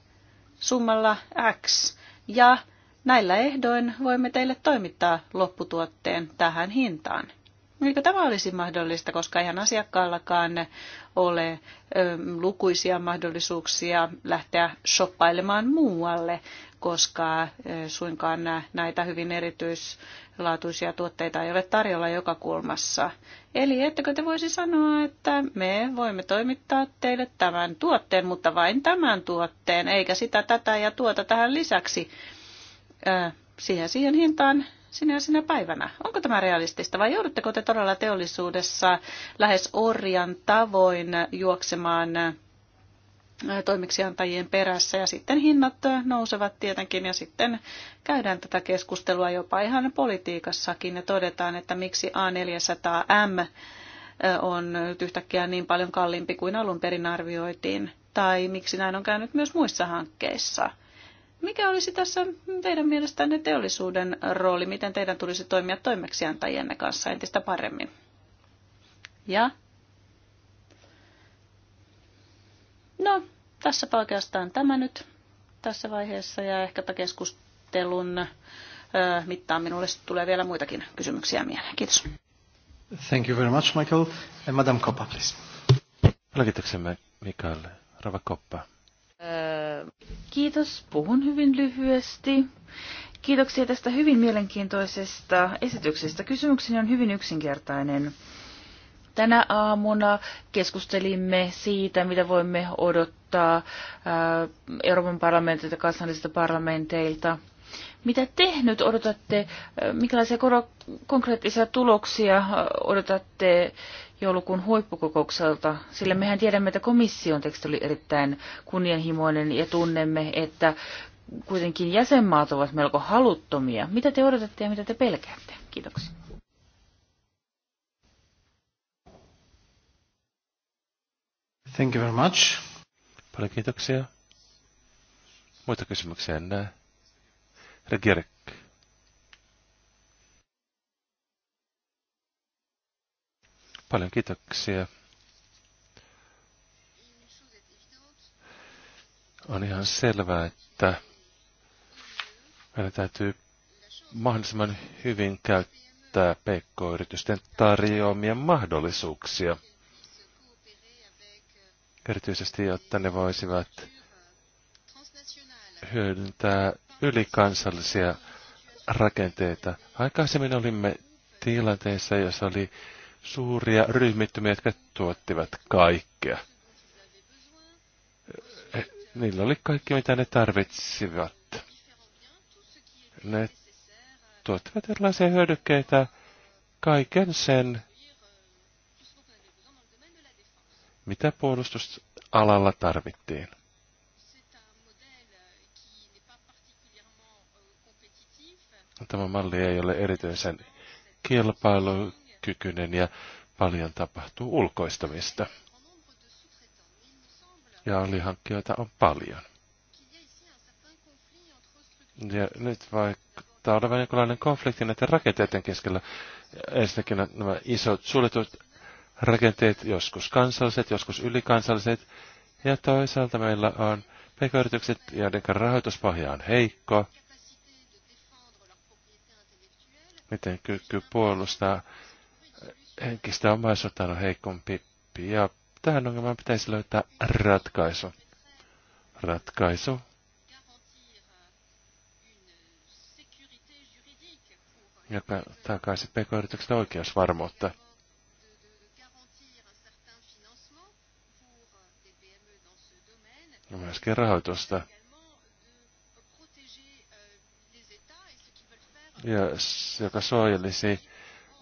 summalla X. Ja näillä ehdoin voimme teille toimittaa lopputuotteen tähän hintaan. Eikö tämä olisi mahdollista, koska eihän asiakkaallakaan ole ö, lukuisia mahdollisuuksia lähteä shoppailemaan muualle, koska ö, suinkaan näitä hyvin erityislaatuisia tuotteita ei ole tarjolla joka kulmassa. Eli ettekö te voisi sanoa, että me voimme toimittaa teille tämän tuotteen, mutta vain tämän tuotteen, eikä sitä tätä ja tuota tähän lisäksi ö, siihen, siihen hintaan, sinä ja sinä päivänä. Onko tämä realistista vai joudutteko te todella teollisuudessa lähes orjan tavoin juoksemaan toimeksiantajien perässä ja sitten hinnat nousevat tietenkin ja sitten käydään tätä keskustelua jopa ihan politiikassakin ja todetaan, että miksi A400M on nyt yhtäkkiä niin paljon kalliimpi kuin alun perin arvioitiin tai miksi näin on käynyt myös muissa hankkeissa – mikä olisi tässä teidän mielestänne teollisuuden rooli? Miten teidän tulisi toimia toimeksiantajienne kanssa entistä paremmin? Ja? No, tässä oikeastaan tämä nyt tässä vaiheessa ja ehkäpä keskustelun mittaan minulle tulee vielä muitakin kysymyksiä mieleen. Kiitos. Thank you very much, Michael. And Madame Koppa, please. Palkitaksemme Mikael Ravakoppa. Koppa. Kiitos, puhun hyvin lyhyesti. Kiitoksia tästä hyvin mielenkiintoisesta esityksestä. Kysymykseni on hyvin yksinkertainen. Tänä aamuna keskustelimme siitä, mitä voimme odottaa Euroopan parlamentilta ja kansallisilta parlamenteilta – mitä te nyt odotatte, minkälaisia konkreettisia tuloksia odotatte joulukuun huippukokoukselta, sillä mehän tiedämme, että komission teksti oli erittäin kunnianhimoinen ja tunnemme, että kuitenkin jäsenmaat ovat melko haluttomia. Mitä te odotatte ja mitä te pelkäätte? Kiitoksia. Thank you very much. Paljon kiitoksia. Muita kysymyksiä en näe. Herra Paljon kiitoksia. On ihan selvää, että meidän täytyy mahdollisimman hyvin käyttää pk-yritysten tarjoamia mahdollisuuksia. Erityisesti, jotta ne voisivat hyödyntää ylikansallisia rakenteita. Aikaisemmin olimme tilanteessa, jossa oli suuria ryhmittymiä, jotka tuottivat kaikkea. Eh, niillä oli kaikki, mitä ne tarvitsivat. Ne tuottivat erilaisia hyödykkeitä, kaiken sen, mitä puolustusalalla tarvittiin. Tämä malli ei ole erityisen kilpailukykyinen ja paljon tapahtuu ulkoistamista. Ja alihankkijoita on paljon. Ja nyt vaikka olevan jonkinlainen konflikti näiden rakenteiden keskellä. Ensinnäkin nämä isot suljetut rakenteet, joskus kansalliset, joskus ylikansalliset. Ja toisaalta meillä on pk-yritykset, joiden rahoituspohja on heikko miten kyky puolustaa henkistä omaisuutta on heikompi. Ja tähän ongelmaan pitäisi löytää ratkaisu. Ratkaisu. joka takaisi pk-yrityksen oikeusvarmuutta. myöskin rahoitusta. ja joka suojelisi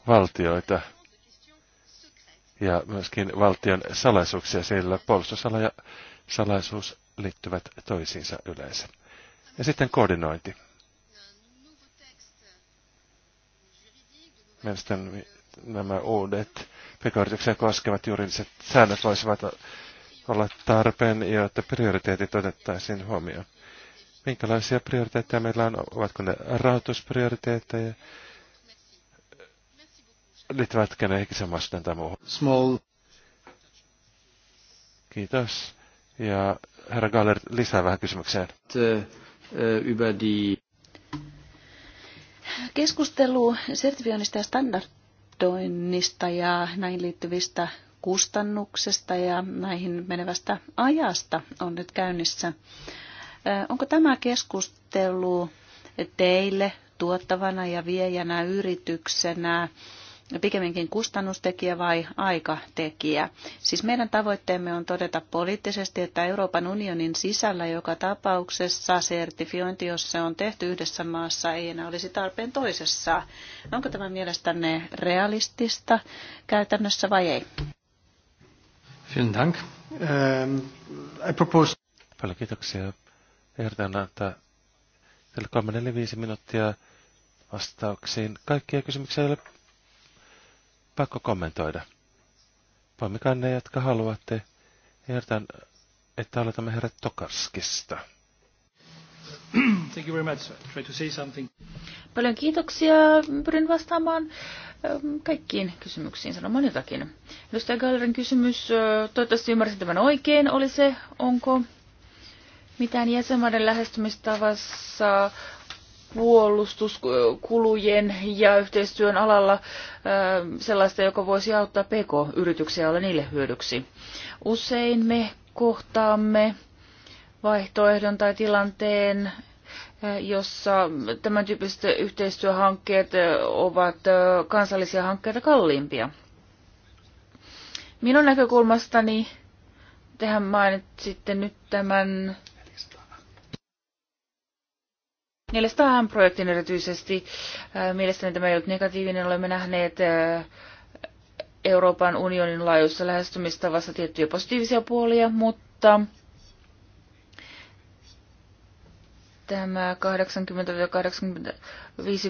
valtioita ja myöskin valtion salaisuuksia, sillä puolustusala ja salaisuus liittyvät toisiinsa yleensä. Ja sitten koordinointi. Mielestäni nämä uudet pk koskevat juridiset säännöt voisivat olla tarpeen, jotta prioriteetit otettaisiin huomioon minkälaisia prioriteetteja meillä on, ovatko ne rahoitusprioriteetteja, liittyvätkö ne ehkä tai muuhun. Small. Kiitos. Ja herra Galler, lisää vähän kysymykseen. Keskustelu sertifioinnista ja standardoinnista ja näihin liittyvistä kustannuksesta ja näihin menevästä ajasta on nyt käynnissä. Onko tämä keskustelu teille tuottavana ja viejänä yrityksenä pikemminkin kustannustekijä vai aikatekijä. Siis meidän tavoitteemme on todeta poliittisesti, että Euroopan unionin sisällä joka tapauksessa sertifiointi, jos se on tehty yhdessä maassa, ei enää olisi tarpeen toisessa. Onko tämä mielestänne realistista käytännössä vai ei? Vielen Dank. Ähm, I propose... Paljon kiitoksia. Ehdotan antaa teille 35 minuuttia vastauksiin. Kaikkia kysymyksiä ei ole pakko kommentoida. Poimikaa ne, jotka haluatte. Ehdotan, että aloitamme herra Tokarskista. Thank you very much. Try to say something. Paljon kiitoksia. Pyrin vastaamaan ähm, kaikkiin kysymyksiin sanomaan jotakin. Edustaja Gallerin kysymys, äh, toivottavasti ymmärsin tämän oikein, oli se, onko mitään jäsenmaiden lähestymistavassa puolustuskulujen ja yhteistyön alalla sellaista, joka voisi auttaa PK-yrityksiä olla niille hyödyksi. Usein me kohtaamme vaihtoehdon tai tilanteen, jossa tämän tyyppiset yhteistyöhankkeet ovat kansallisia hankkeita kalliimpia. Minun näkökulmastani, tehän mainitsitte nyt tämän 400M-projektin erityisesti. Äh, mielestäni tämä ei ollut negatiivinen. Olemme nähneet äh, Euroopan unionin laajuisessa lähestymistavassa tiettyjä positiivisia puolia, mutta tämä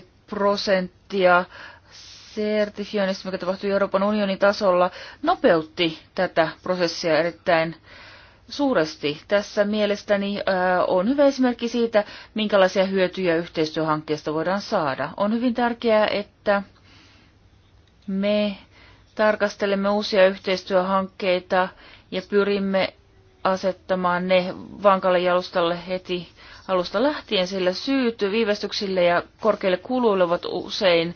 80-85 prosenttia sertifioinnista, mikä tapahtui Euroopan unionin tasolla, nopeutti tätä prosessia erittäin suuresti. Tässä mielestäni on hyvä esimerkki siitä, minkälaisia hyötyjä yhteistyöhankkeesta voidaan saada. On hyvin tärkeää, että me tarkastelemme uusia yhteistyöhankkeita ja pyrimme asettamaan ne vankalle jalustalle heti alusta lähtien, sillä syyt viivästyksille ja korkeille kuluille ovat usein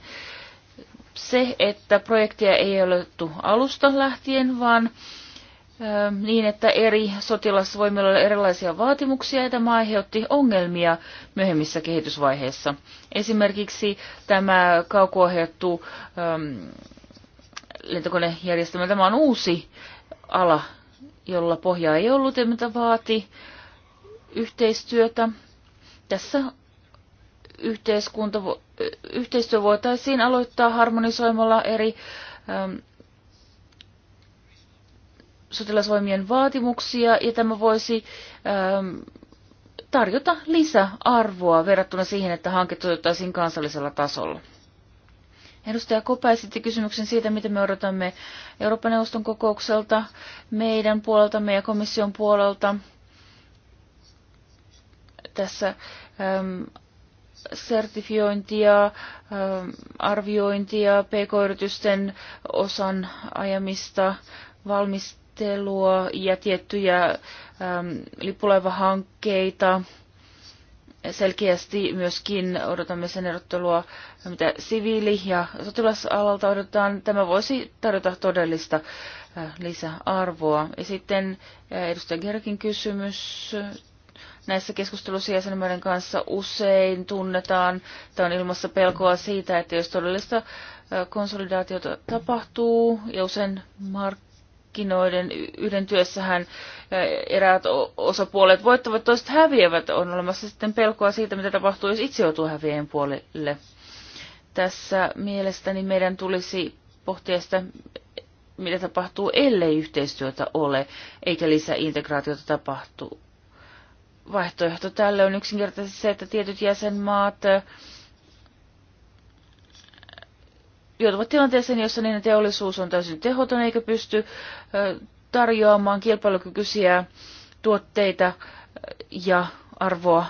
se, että projektia ei ole alusta lähtien, vaan niin, että eri sotilasvoimilla oli erilaisia vaatimuksia ja tämä aiheutti ongelmia myöhemmissä kehitysvaiheissa. Esimerkiksi tämä kaukuohjattu lentokonejärjestelmä, tämä on uusi ala, jolla pohjaa ei ollut ja mitä vaati yhteistyötä. Tässä yhteiskunta, yhteistyö voitaisiin aloittaa harmonisoimalla eri sotilasvoimien vaatimuksia ja tämä voisi ähm, tarjota lisäarvoa verrattuna siihen, että hanke toteutettaisiin kansallisella tasolla. Edustaja Kopa esitti kysymyksen siitä, mitä me odotamme Euroopan neuvoston kokoukselta, meidän puoleltamme ja komission puolelta. Tässä ähm, sertifiointia, ähm, arviointia, pk-yritysten osan ajamista, valmistamista valmistelua ja tiettyjä äm, lippulaivahankkeita. Selkeästi myöskin odotamme sen erottelua, mitä siviili- ja sotilasalalta odotetaan. Tämä voisi tarjota todellista äh, lisäarvoa. Ja sitten äh, edustaja Gerkin kysymys näissä keskusteluissa jäsenmaiden kanssa usein tunnetaan, että on ilmassa pelkoa siitä, että jos todellista äh, konsolidaatiota tapahtuu ja usein mark- markkinoiden yhden työssähän eräät osapuolet voittavat, toiset häviävät. On olemassa sitten pelkoa siitä, mitä tapahtuu, jos itse joutuu häviäjien puolelle. Tässä mielestäni meidän tulisi pohtia sitä, mitä tapahtuu, ellei yhteistyötä ole, eikä lisää integraatiota tapahtuu. Vaihtoehto tälle on yksinkertaisesti se, että tietyt jäsenmaat joutuvat tilanteeseen, jossa niiden teollisuus on täysin tehoton eikä pysty tarjoamaan kilpailukykyisiä tuotteita ja arvoa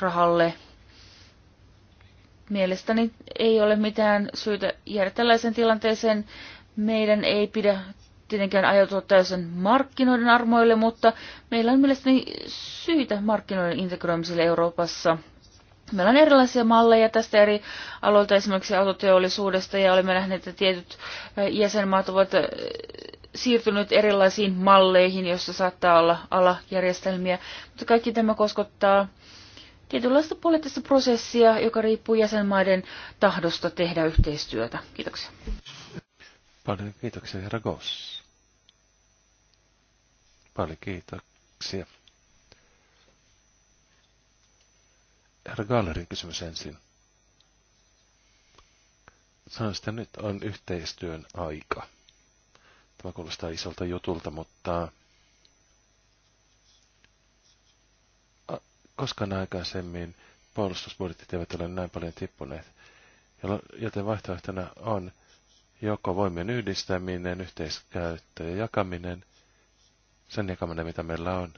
rahalle. Mielestäni ei ole mitään syytä jäädä tällaiseen tilanteeseen. Meidän ei pidä tietenkään ajautua täysin markkinoiden armoille, mutta meillä on mielestäni syytä markkinoiden integroimiselle Euroopassa Meillä on erilaisia malleja tästä eri aloilta, esimerkiksi autoteollisuudesta, ja olemme nähneet, että tietyt jäsenmaat ovat siirtyneet erilaisiin malleihin, joissa saattaa olla alajärjestelmiä. Mutta kaikki tämä koskottaa tietynlaista poliittista prosessia, joka riippuu jäsenmaiden tahdosta tehdä yhteistyötä. Kiitoksia. Paljon kiitoksia, herra Goss. Paljon kiitoksia. herra Gallerin kysymys ensin. Sanoin, että nyt on yhteistyön aika. Tämä kuulostaa isolta jutulta, mutta koskaan aikaisemmin puolustusbudjetit eivät ole näin paljon tippuneet, joten vaihtoehtona on joko voimien yhdistäminen, yhteiskäyttö ja jakaminen, sen jakaminen mitä meillä on,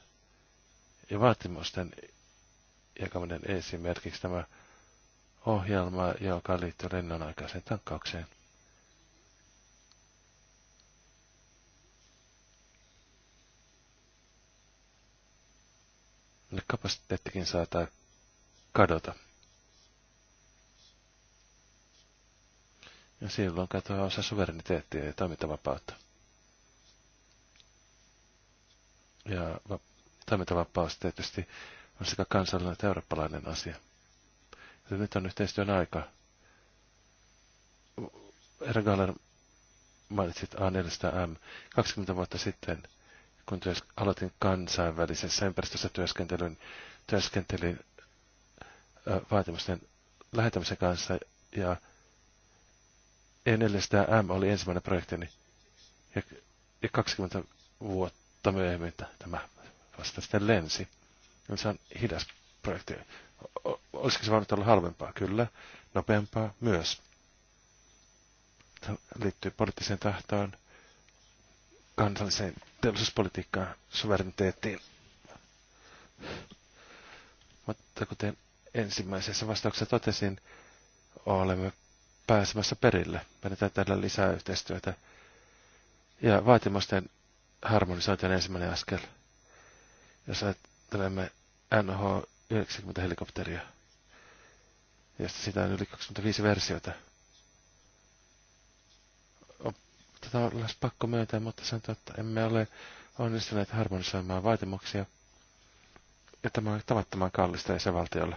ja vaatimusten jakaminen esimerkiksi tämä ohjelma, joka liittyy lennon aikaiseen tankkaukseen. Ne kapasiteettikin saattaa kadota. Ja silloin katoaa osa suvereniteettia ja toimintavapautta. Ja toimintavapaus tietysti on sekä kansallinen että eurooppalainen asia. Ja nyt on yhteistyön aika. Herra Galler mainitsit A400M 20 vuotta sitten, kun työs, aloitin kansainvälisessä ympäristössä työskentelyn, työskentelin ö, vaatimusten lähetämisen kanssa ja E400M oli ensimmäinen projektini ja, ja 20 vuotta myöhemmin tämä vasta sitten lensi. No, se on hidas projekti. Olisiko se voinut olla halvempaa? Kyllä. Nopeampaa myös. Se liittyy poliittiseen tahtoon, kansalliseen teollisuuspolitiikkaan, suvereniteettiin. Mutta kuten ensimmäisessä vastauksessa totesin, olemme pääsemässä perille. Meidän tällä lisää yhteistyötä. Ja vaatimusten harmonisointi on ensimmäinen askel. Jos lennättelemme NH-90 helikopteria. Ja sitä on yli 25 versiota. Tätä on lähes pakko myöntää, mutta sanotaan, että emme ole onnistuneet harmonisoimaan vaatimuksia. Ja tämä on tavattoman kallista isävaltiolle.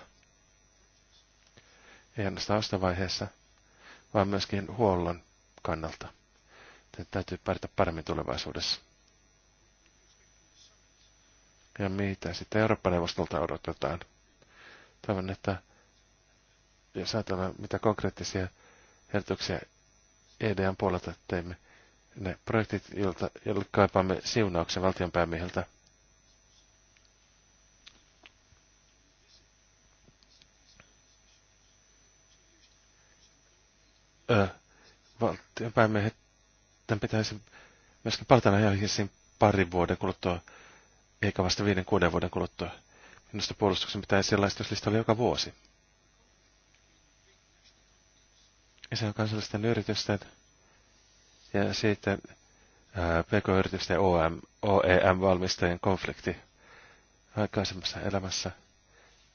Ei ainoastaan ostovaiheessa, vaan myöskin huollon kannalta. Tätä täytyy pärjätä paremmin tulevaisuudessa ja mitä sitten Euroopan neuvostolta odotetaan. Toivon, että jos ajatellaan, mitä konkreettisia ehdotuksia EDN puolelta teimme, ne projektit, joille kaipaamme siunauksen valtionpäämieheltä. Öö, valtionpäämiehet pitäisi myöskin palata näihin pari vuoden kuluttua eikä vasta viiden kuuden vuoden kuluttua. Minusta puolustuksen pitää oli joka vuosi. Ja se on kansallisten yritysten ja sitten PK-yritysten OM, OEM-valmistajien konflikti aikaisemmassa elämässä,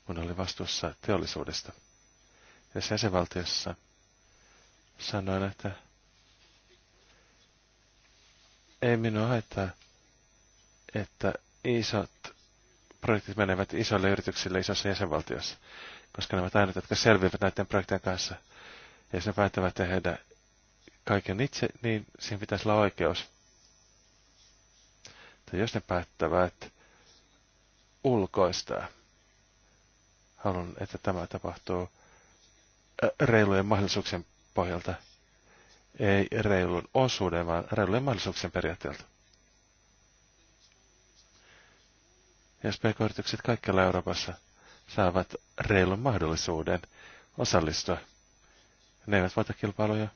kun oli vastuussa teollisuudesta. Ja jäsenvaltiossa sanoin, että ei minua haittaa, että isot projektit menevät isoille yrityksille isossa jäsenvaltiossa, koska ne ovat ainoat, jotka selviävät näiden projektien kanssa. Ja jos ne päättävät tehdä kaiken itse, niin siihen pitäisi olla oikeus. Tai jos ne päättävät ulkoistaa, haluan, että tämä tapahtuu reilujen mahdollisuuksien pohjalta, ei reilun osuuden, vaan reilujen mahdollisuuksien periaatteelta. jos pk-yritykset kaikkialla Euroopassa saavat reilun mahdollisuuden osallistua. Ne eivät voita kilpailuja.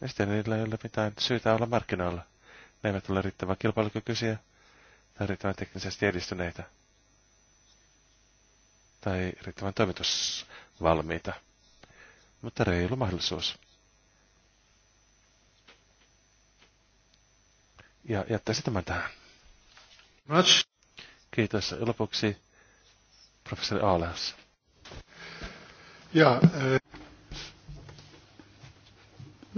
Ja sitten niillä ei ole mitään syytä olla markkinoilla. Ne eivät ole riittävän kilpailukykyisiä tai riittävän teknisesti edistyneitä tai riittävän toimitusvalmiita. Mutta reilu mahdollisuus. Ja jättäisin tämän tähän. Much. Kiitos. Lopuksi professori Aalehas. Ja, äh,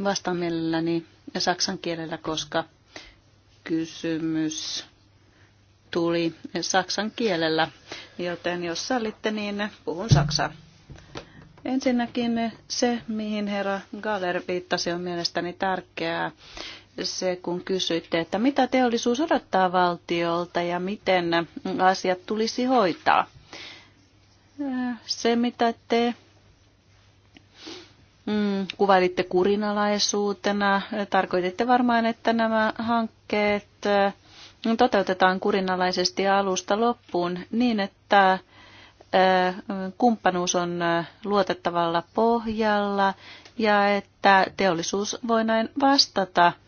Vastaan mielelläni saksan kielellä, koska kysymys tuli saksan kielellä, joten jos sallitte, niin puhun saksaa. Ensinnäkin se, mihin herra Galler viittasi, on mielestäni tärkeää se, kun kysyitte, että mitä teollisuus odottaa valtiolta ja miten asiat tulisi hoitaa. Se, mitä te mm, kuvailitte kurinalaisuutena, tarkoititte varmaan, että nämä hankkeet mm, toteutetaan kurinalaisesti alusta loppuun niin, että kumppanuus on luotettavalla pohjalla ja että teollisuus voi näin vastata –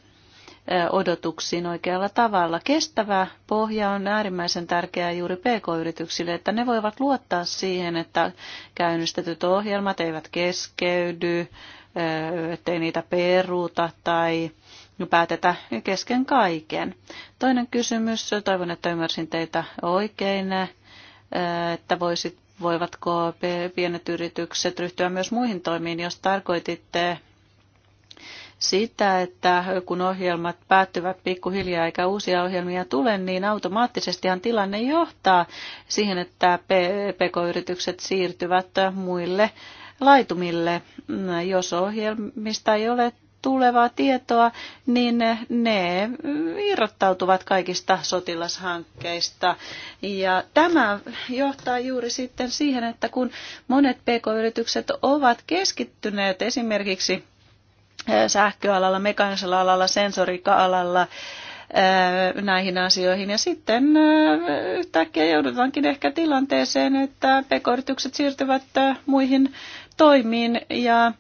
odotuksiin oikealla tavalla. Kestävä pohja on äärimmäisen tärkeää juuri PK-yrityksille, että ne voivat luottaa siihen, että käynnistetyt ohjelmat eivät keskeydy, ettei niitä peruuta tai päätetä kesken kaiken. Toinen kysymys, toivon, että ymmärsin teitä oikein, että voisit, voivatko pienet yritykset ryhtyä myös muihin toimiin, jos tarkoititte sitä, että kun ohjelmat päättyvät pikkuhiljaa eikä uusia ohjelmia tule, niin automaattisestihan tilanne johtaa siihen, että PK-yritykset siirtyvät muille laitumille. Jos ohjelmista ei ole tulevaa tietoa, niin ne irrottautuvat kaikista sotilashankkeista. Ja tämä johtaa juuri sitten siihen, että kun monet pk-yritykset ovat keskittyneet esimerkiksi sähköalalla, mekaanisella alalla, sensoriikka-alalla näihin asioihin. Ja sitten yhtäkkiä joudutaankin ehkä tilanteeseen, että pk siirtyvät muihin toimiin ja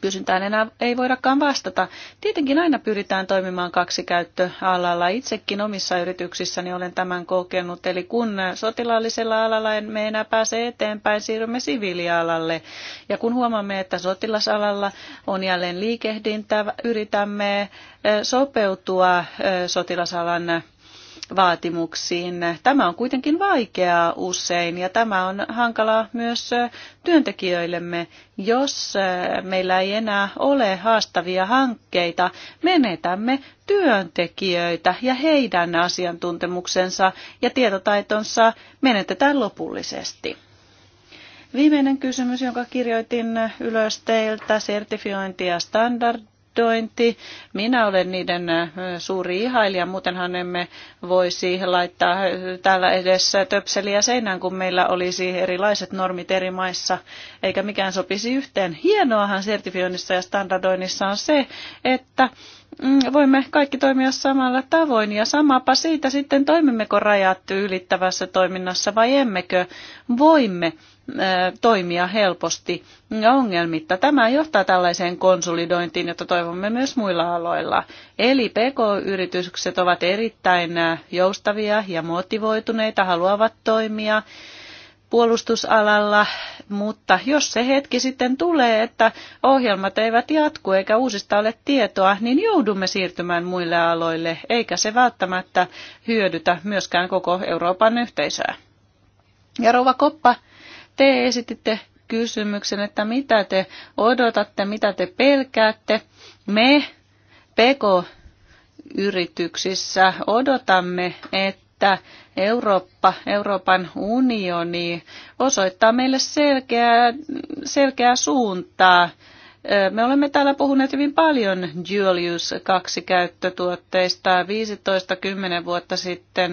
kysyntään enää ei voidakaan vastata. Tietenkin aina pyritään toimimaan kaksikäyttöalalla. Itsekin omissa yrityksissäni olen tämän kokenut. Eli kun sotilaallisella alalla me enää pääse eteenpäin, siirrymme siviilialalle. Ja kun huomaamme, että sotilasalalla on jälleen liikehdintä, yritämme sopeutua sotilasalan vaatimuksiin. Tämä on kuitenkin vaikeaa usein ja tämä on hankalaa myös työntekijöillemme. Jos meillä ei enää ole haastavia hankkeita, menetämme työntekijöitä ja heidän asiantuntemuksensa ja tietotaitonsa menetetään lopullisesti. Viimeinen kysymys, jonka kirjoitin ylös teiltä, sertifiointi ja standard investointi. Minä olen niiden suuri ihailija, muutenhan emme voisi laittaa täällä edessä töpseliä seinään, kun meillä olisi erilaiset normit eri maissa, eikä mikään sopisi yhteen. Hienoahan sertifioinnissa ja standardoinnissa on se, että Mm, voimme kaikki toimia samalla tavoin ja samapa siitä sitten toimimmeko rajat ylittävässä toiminnassa vai emmekö voimme toimia helposti ja ongelmitta. Tämä johtaa tällaiseen konsolidointiin, jota toivomme myös muilla aloilla. Eli PK-yritykset ovat erittäin joustavia ja motivoituneita, haluavat toimia puolustusalalla, mutta jos se hetki sitten tulee, että ohjelmat eivät jatku eikä uusista ole tietoa, niin joudumme siirtymään muille aloille, eikä se välttämättä hyödytä myöskään koko Euroopan yhteisöä. Ja Rova Koppa, te esititte kysymyksen, että mitä te odotatte, mitä te pelkäätte. Me PK-yrityksissä odotamme, että että Eurooppa, Euroopan unioni osoittaa meille selkeää, selkeää suuntaa me olemme täällä puhuneet hyvin paljon dual use 2-käyttötuotteista. 15-10 vuotta sitten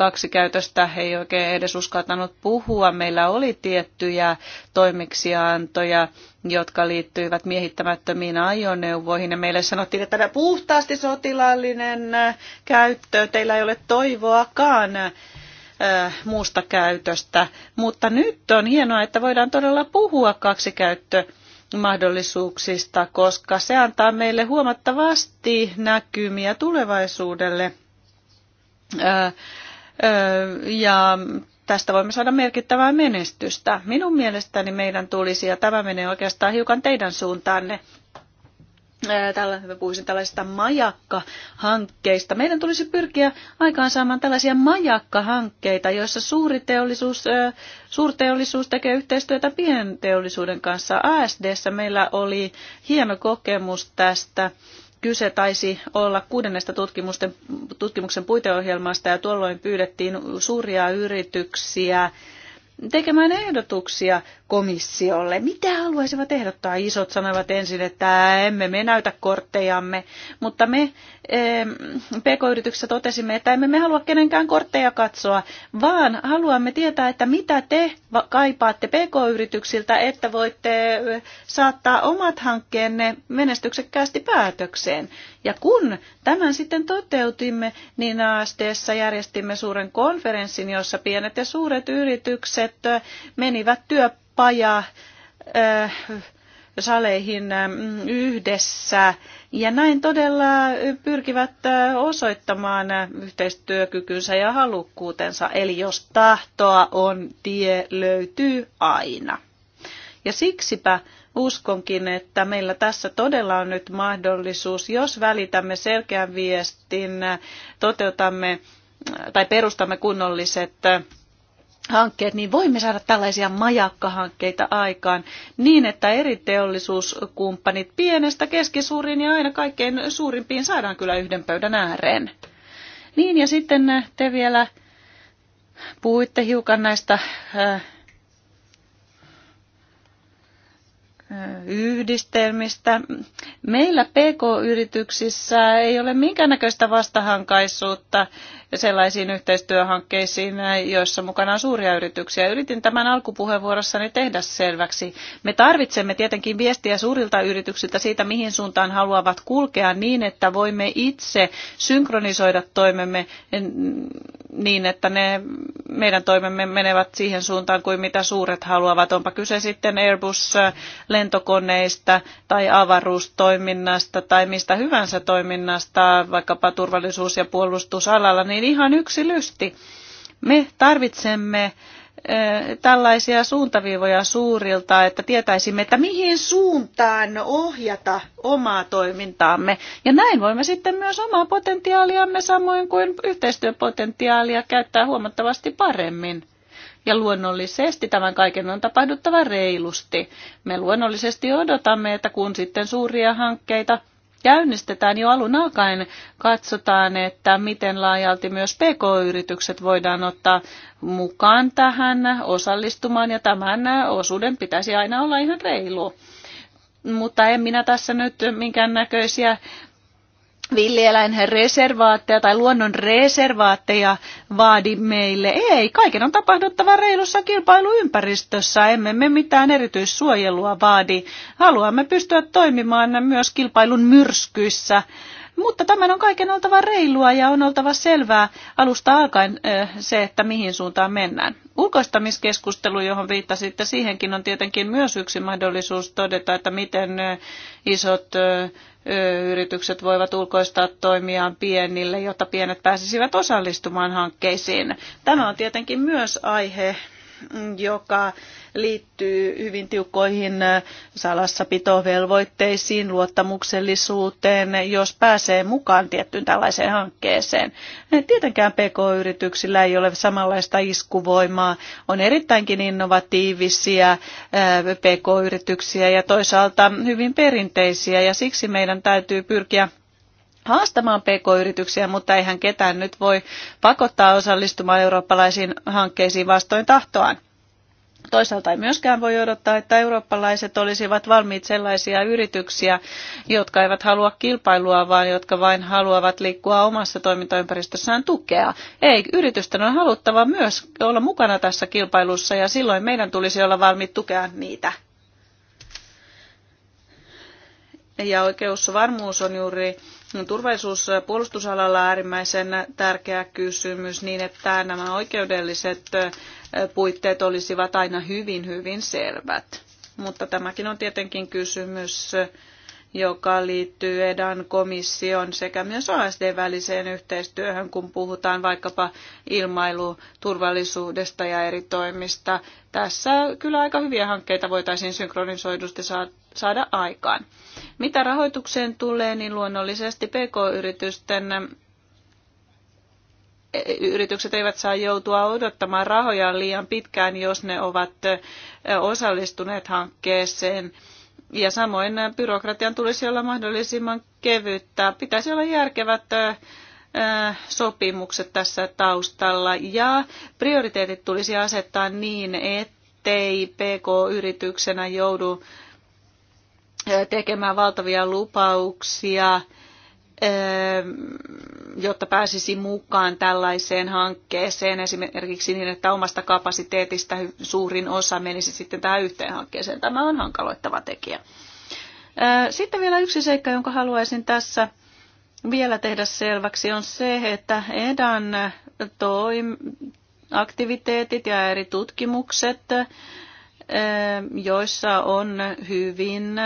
2-käytöstä ei oikein edes uskaltanut puhua. Meillä oli tiettyjä toimiksiantoja, jotka liittyivät miehittämättömiin ajoneuvoihin. Ja meille sanottiin, että tämä puhtaasti sotilaallinen käyttö, teillä ei ole toivoakaan muusta käytöstä. Mutta nyt on hienoa, että voidaan todella puhua kaksi käyttöä mahdollisuuksista, koska se antaa meille huomattavasti näkymiä tulevaisuudelle. Ja tästä voimme saada merkittävää menestystä. Minun mielestäni meidän tulisi, ja tämä menee oikeastaan hiukan teidän suuntaanne, tällä, mä puhuisin tällaisista majakkahankkeista. Meidän tulisi pyrkiä aikaansaamaan tällaisia majakkahankkeita, joissa suuri teollisuus, suurteollisuus tekee yhteistyötä pienteollisuuden kanssa. ASDssä meillä oli hieno kokemus tästä. Kyse taisi olla kuudennesta tutkimuksen puiteohjelmasta ja tuolloin pyydettiin suuria yrityksiä tekemään ehdotuksia komissiolle. Mitä haluaisivat ehdottaa? Isot sanoivat ensin, että emme me näytä korttejamme, mutta me PK-yrityksessä totesimme, että emme me halua kenenkään kortteja katsoa, vaan haluamme tietää, että mitä te kaipaatte PK-yrityksiltä, että voitte saattaa omat hankkeenne menestyksekkäästi päätökseen. Ja kun tämän sitten toteutimme, niin Aasteessa järjestimme suuren konferenssin, jossa pienet ja suuret yritykset menivät työpaja saleihin yhdessä. Ja näin todella pyrkivät osoittamaan yhteistyökykynsä ja halukkuutensa. Eli jos tahtoa on, tie löytyy aina. Ja siksipä uskonkin, että meillä tässä todella on nyt mahdollisuus, jos välitämme selkeän viestin, toteutamme tai perustamme kunnolliset hankkeet, niin voimme saada tällaisia majakkahankkeita aikaan niin, että eri teollisuuskumppanit pienestä keskisuuriin ja aina kaikkein suurimpiin saadaan kyllä yhden pöydän ääreen. Niin ja sitten te vielä puhuitte hiukan näistä äh, yhdistelmistä. Meillä PK-yrityksissä ei ole minkäännäköistä vastahankaisuutta sellaisiin yhteistyöhankkeisiin, eh, joissa mukana on suuria yrityksiä. Yritin tämän alkupuheenvuorossani tehdä selväksi. Me tarvitsemme tietenkin viestiä suurilta yrityksiltä siitä, mihin suuntaan haluavat kulkea niin, että voimme itse synkronisoida toimemme niin, että ne meidän toimemme menevät siihen suuntaan kuin mitä suuret haluavat. Onpa kyse sitten Airbus-lentokoneista eh, tai avaruustoiminnasta tai mistä hyvänsä toiminnasta, vaikkapa turvallisuus- ja puolustusalalla, niin niin ihan yksi lysti. Me tarvitsemme eh, tällaisia suuntaviivoja suurilta, että tietäisimme, että mihin suuntaan ohjata omaa toimintaamme. Ja näin voimme sitten myös omaa potentiaaliamme samoin kuin yhteistyöpotentiaalia käyttää huomattavasti paremmin. Ja luonnollisesti tämän kaiken on tapahduttava reilusti. Me luonnollisesti odotamme, että kun sitten suuria hankkeita – käynnistetään jo alun alkaen, katsotaan, että miten laajalti myös PK-yritykset voidaan ottaa mukaan tähän osallistumaan, ja tämän osuuden pitäisi aina olla ihan reilu. Mutta en minä tässä nyt minkäännäköisiä villieläinen reservaatteja tai luonnon reservaatteja vaadi meille. Ei, kaiken on tapahduttava reilussa kilpailuympäristössä. Emme me mitään erityissuojelua vaadi. Haluamme pystyä toimimaan myös kilpailun myrskyissä. Mutta tämän on kaiken oltava reilua ja on oltava selvää alusta alkaen eh, se, että mihin suuntaan mennään ulkoistamiskeskustelu, johon viittasitte, siihenkin on tietenkin myös yksi mahdollisuus todeta, että miten isot yritykset voivat ulkoistaa toimiaan pienille, jotta pienet pääsisivät osallistumaan hankkeisiin. Tämä on tietenkin myös aihe, joka liittyy hyvin tiukkoihin salassapitovelvoitteisiin, luottamuksellisuuteen, jos pääsee mukaan tiettyyn tällaiseen hankkeeseen. Tietenkään PK-yrityksillä ei ole samanlaista iskuvoimaa. On erittäinkin innovatiivisia PK-yrityksiä ja toisaalta hyvin perinteisiä ja siksi meidän täytyy pyrkiä haastamaan pk-yrityksiä, mutta eihän ketään nyt voi pakottaa osallistumaan eurooppalaisiin hankkeisiin vastoin tahtoaan. Toisaalta ei myöskään voi odottaa, että eurooppalaiset olisivat valmiit sellaisia yrityksiä, jotka eivät halua kilpailua, vaan jotka vain haluavat liikkua omassa toimintaympäristössään tukea. Ei, yritysten on haluttava myös olla mukana tässä kilpailussa ja silloin meidän tulisi olla valmiit tukea niitä ja oikeusvarmuus on juuri turvallisuus- ja puolustusalalla äärimmäisen tärkeä kysymys niin, että nämä oikeudelliset puitteet olisivat aina hyvin, hyvin selvät. Mutta tämäkin on tietenkin kysymys, joka liittyy EDAN komission sekä myös OSD väliseen yhteistyöhön, kun puhutaan vaikkapa ilmailuturvallisuudesta ja eri toimista. Tässä kyllä aika hyviä hankkeita voitaisiin synkronisoidusti saada aikaan. Mitä rahoitukseen tulee, niin luonnollisesti PK-yritysten eh, yritykset eivät saa joutua odottamaan rahoja liian pitkään, jos ne ovat eh, osallistuneet hankkeeseen. Ja samoin byrokratian tulisi olla mahdollisimman kevyttä. Pitäisi olla järkevät eh, sopimukset tässä taustalla ja prioriteetit tulisi asettaa niin, ettei PK-yrityksenä joudu tekemään valtavia lupauksia, jotta pääsisi mukaan tällaiseen hankkeeseen, esimerkiksi niin, että omasta kapasiteetista suurin osa menisi sitten tähän yhteen hankkeeseen. Tämä on hankaloittava tekijä. Sitten vielä yksi seikka, jonka haluaisin tässä vielä tehdä selväksi, on se, että EDAN toim- aktiviteetit ja eri tutkimukset joissa on hyvin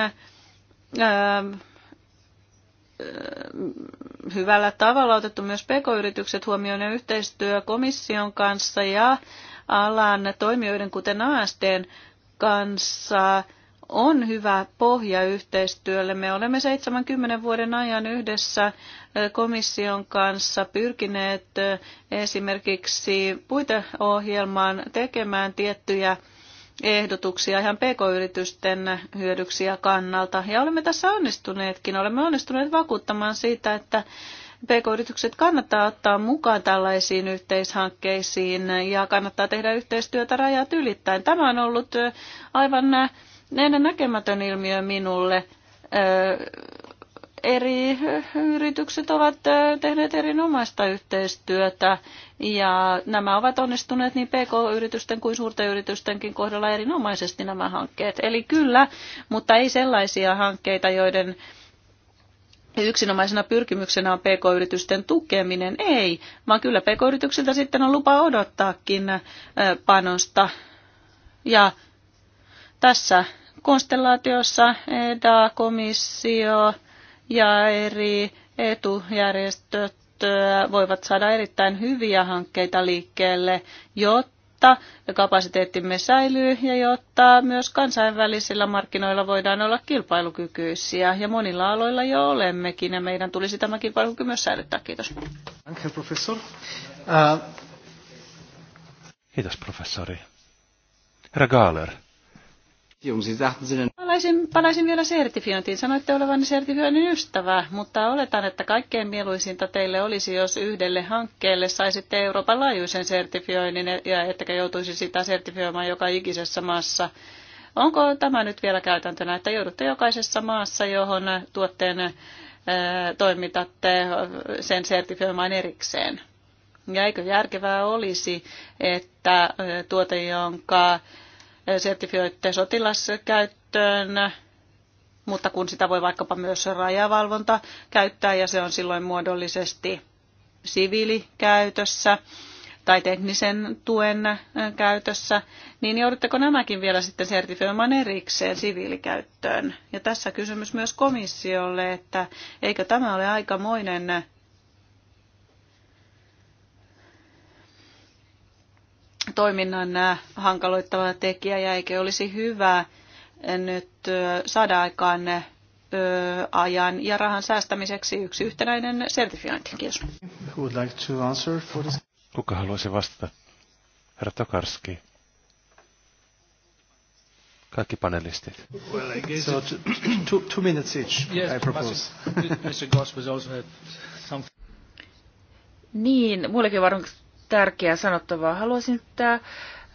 hyvällä tavalla otettu myös pk-yritykset huomioon ja yhteistyö komission kanssa ja alan toimijoiden, kuten ASDn kanssa, on hyvä pohja yhteistyölle. Me olemme 70 vuoden ajan yhdessä komission kanssa pyrkineet esimerkiksi puiteohjelmaan tekemään tiettyjä ehdotuksia ihan pk-yritysten hyödyksiä kannalta. Ja olemme tässä onnistuneetkin. Olemme onnistuneet vakuuttamaan siitä, että PK-yritykset kannattaa ottaa mukaan tällaisiin yhteishankkeisiin ja kannattaa tehdä yhteistyötä rajat ylittäen. Tämä on ollut aivan ennen näkemätön ilmiö minulle eri yritykset ovat tehneet erinomaista yhteistyötä ja nämä ovat onnistuneet niin PK-yritysten kuin suurten yritystenkin kohdalla erinomaisesti nämä hankkeet. Eli kyllä, mutta ei sellaisia hankkeita, joiden yksinomaisena pyrkimyksenä on pk-yritysten tukeminen. Ei, vaan kyllä pk-yrityksiltä sitten on lupa odottaakin panosta. Ja tässä konstellaatiossa EDA, komissio, ja eri etujärjestöt voivat saada erittäin hyviä hankkeita liikkeelle, jotta kapasiteettimme säilyy ja jotta myös kansainvälisillä markkinoilla voidaan olla kilpailukykyisiä. Ja monilla aloilla jo olemmekin ja meidän tulisi tämä kilpailukyky myös säilyttää. Kiitos. Kiitos, professori. Herra Gaaler. Uh, palaisin, palaisin vielä sertifiointiin. Sanoitte olevan sertifioinnin ystävä, mutta oletan, että kaikkein mieluisinta teille olisi, jos yhdelle hankkeelle saisitte Euroopan laajuisen sertifioinnin ja ettekä joutuisi sitä sertifioimaan joka ikisessä maassa. Onko tämä nyt vielä käytäntönä, että joudutte jokaisessa maassa, johon tuotteen toimitatte sen sertifioimaan erikseen? Ja eikö järkevää olisi, että tuote, jonka sertifioitte sotilaskäyttöön, mutta kun sitä voi vaikkapa myös rajavalvonta käyttää ja se on silloin muodollisesti siviilikäytössä tai teknisen tuen käytössä, niin joudutteko nämäkin vielä sitten sertifioimaan erikseen siviilikäyttöön? Ja tässä kysymys myös komissiolle, että eikö tämä ole aikamoinen toiminnan äh, hankaloittava tekijä ja eikö olisi hyvä äh, nyt äh, saada aikaan ajan ja rahan säästämiseksi yksi yhtenäinen sertifiointi. Kiitos. Kuka haluaisi vastata? Herra Tokarski. Kaikki panelistit. Well, so two, two, two minutes each, yes, I propose. Mr. Goss was also had something. Niin, muillekin varmasti tärkeää sanottavaa. Haluaisin tämä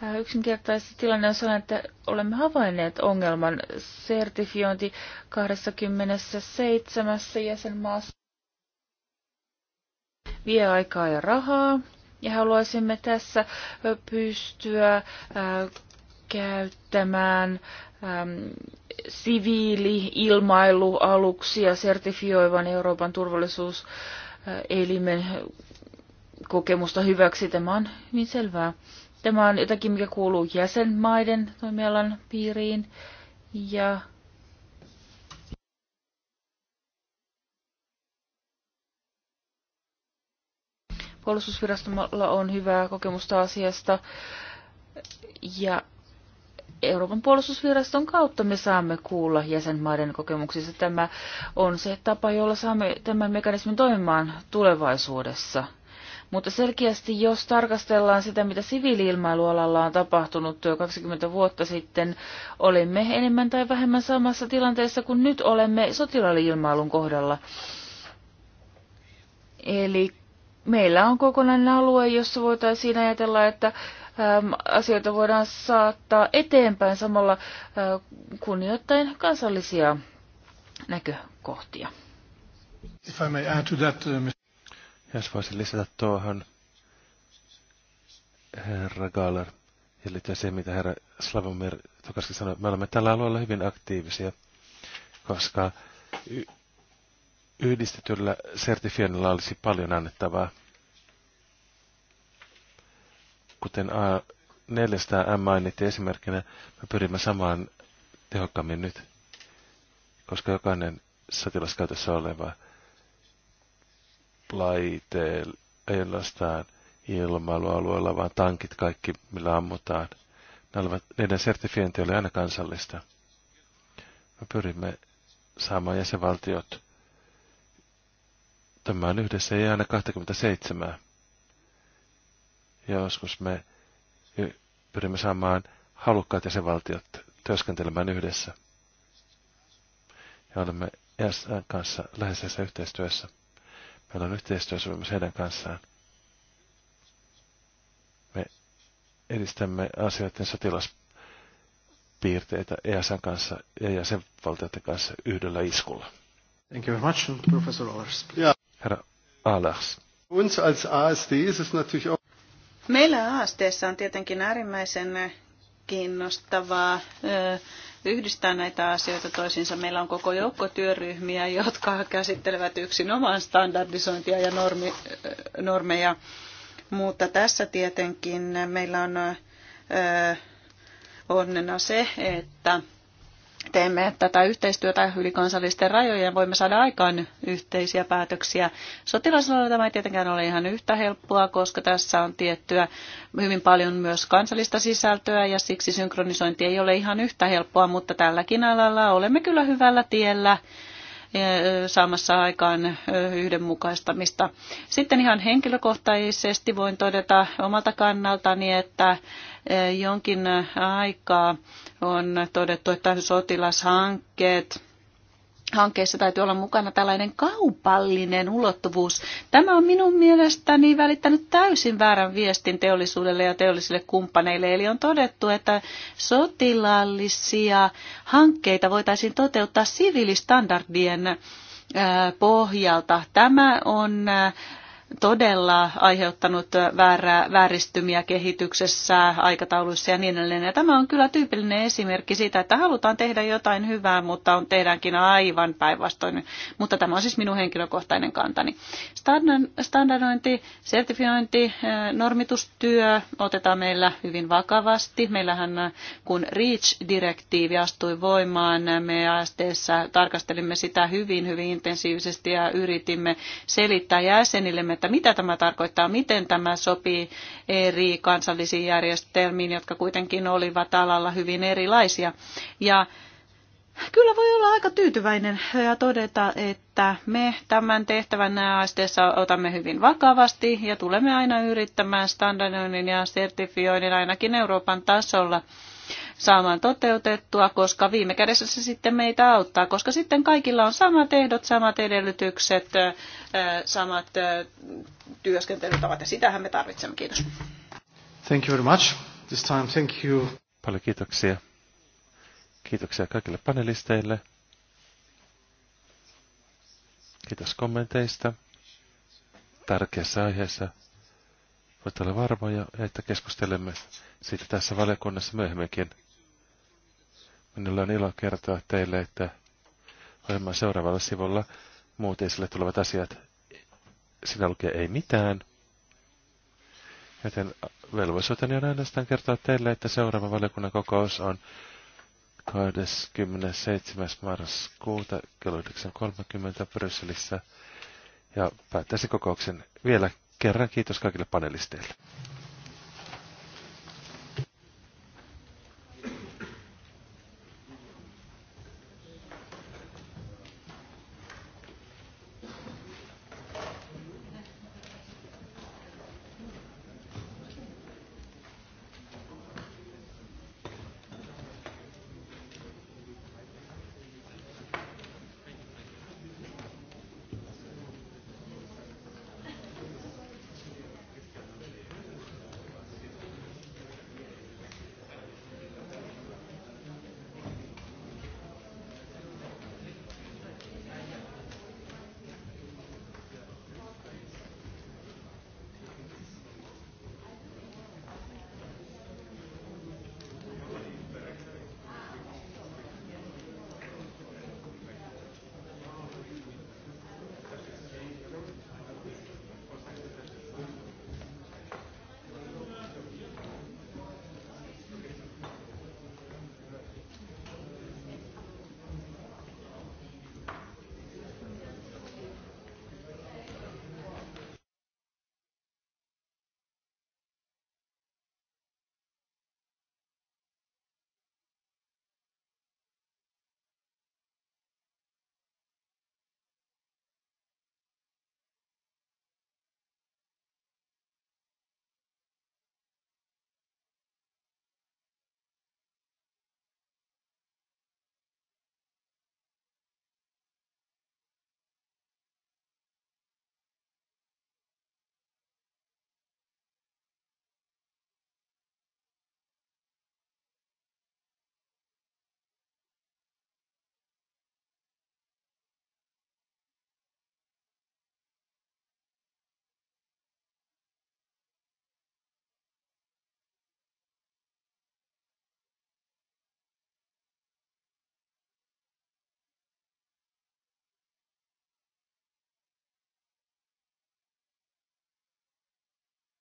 äh, yksinkertaisesti tilanne on sellainen, että olemme havainneet ongelman sertifiointi 27 jäsenmaassa. Vie aikaa ja rahaa ja haluaisimme tässä äh, pystyä äh, käyttämään siviili-ilmailualuksia sertifioivan Euroopan turvallisuuselimen kokemusta hyväksi. Tämä on hyvin selvää. Tämä on jotakin, mikä kuuluu jäsenmaiden toimialan piiriin. Ja puolustusvirastolla on hyvää kokemusta asiasta. Ja Euroopan puolustusviraston kautta me saamme kuulla jäsenmaiden kokemuksista. Tämä on se tapa, jolla saamme tämän mekanismin toimimaan tulevaisuudessa. Mutta selkeästi, jos tarkastellaan sitä, mitä siviiliilmailualalla on tapahtunut 20 vuotta sitten, olimme enemmän tai vähemmän samassa tilanteessa kuin nyt olemme sotilaaliilmailun kohdalla. Eli meillä on kokonainen alue, jossa voitaisiin ajatella, että ähm, asioita voidaan saattaa eteenpäin samalla äh, kunnioittain kansallisia näkökohtia. If I may add to that, uh, jos voisin lisätä tuohon herra Galler ja liittyen siihen, mitä herra Slavomir Tokarski sanoi, me olemme tällä alueella hyvin aktiivisia, koska y- yhdistetyllä sertifioinnilla olisi paljon annettavaa. Kuten A400M mainittiin esimerkkinä, me pyrimme samaan tehokkaammin nyt, koska jokainen sotilaskäytössä oleva laiteilla ainoastaan ilmailualueella, vaan tankit kaikki, millä ammutaan. Ne olivat, niiden sertifiointi oli aina kansallista. Me pyrimme saamaan jäsenvaltiot tämän yhdessä, ei aina 27. Ja joskus me pyrimme saamaan halukkaat jäsenvaltiot työskentelemään yhdessä. Ja olemme SN kanssa läheisessä yhteistyössä. Meillä on yhteistyösopimus heidän kanssaan. Me edistämme asioiden sotilaspiirteitä EASan kanssa ja jäsenvaltioiden kanssa yhdellä iskulla. Thank you very much, Professor Allers. Yeah. Herra Allers. Uns als ASD ist es natürlich auch Meillä ASTssa on tietenkin äärimmäisen kiinnostavaa yhdistää näitä asioita toisiinsa. Meillä on koko joukko työryhmiä, jotka käsittelevät yksin oman standardisointia ja normi, normeja. Mutta tässä tietenkin meillä on onnena se, että teemme tätä yhteistyötä yli kansallisten rajojen ja voimme saada aikaan yhteisiä päätöksiä. Sotilasalalla tämä ei tietenkään ole ihan yhtä helppoa, koska tässä on tiettyä hyvin paljon myös kansallista sisältöä ja siksi synkronisointi ei ole ihan yhtä helppoa, mutta tälläkin alalla olemme kyllä hyvällä tiellä saamassa aikaan yhdenmukaistamista. Sitten ihan henkilökohtaisesti voin todeta omalta kannaltani, että jonkin aikaa on todettu, että sotilashankkeet hankkeessa täytyy olla mukana tällainen kaupallinen ulottuvuus. Tämä on minun mielestäni välittänyt täysin väärän viestin teollisuudelle ja teollisille kumppaneille. Eli on todettu, että sotilaallisia hankkeita voitaisiin toteuttaa siviilistandardien pohjalta. Tämä on todella aiheuttanut väärää, vääristymiä kehityksessä, aikatauluissa ja niin edelleen. Ja tämä on kyllä tyypillinen esimerkki siitä, että halutaan tehdä jotain hyvää, mutta on tehdäänkin aivan päinvastoin. Mutta tämä on siis minun henkilökohtainen kantani. Standardointi, sertifiointi, eh, normitustyö otetaan meillä hyvin vakavasti. Meillähän eh, kun REACH-direktiivi astui voimaan, eh, me ASTssä tarkastelimme sitä hyvin, hyvin intensiivisesti ja yritimme selittää jäsenillemme että mitä tämä tarkoittaa, miten tämä sopii eri kansallisiin järjestelmiin, jotka kuitenkin olivat alalla hyvin erilaisia. Ja Kyllä voi olla aika tyytyväinen ja todeta, että me tämän tehtävän asteessa otamme hyvin vakavasti ja tulemme aina yrittämään standardoinnin ja sertifioinnin ainakin Euroopan tasolla saamaan toteutettua, koska viime kädessä se sitten meitä auttaa, koska sitten kaikilla on samat ehdot, samat edellytykset, samat työskentelytavat ja sitähän me tarvitsemme. Kiitos. Thank you very much. This time, thank you. Paljon kiitoksia. Kiitoksia kaikille panelisteille. Kiitos kommenteista tärkeässä aiheessa. Voitte olla varmoja, että keskustelemme siitä tässä valiokunnassa myöhemminkin. Minulla on ilo kertoa teille, että ohjelman seuraavalla sivulla muut esille tulevat asiat. Sinä lukee ei mitään. Joten velvollisuuteni on ainoastaan kertoa teille, että seuraava valiokunnan kokous on 27. marraskuuta kello 9.30 Brysselissä. Ja päättäisin kokouksen vielä Kerran kiitos kaikille panelisteille.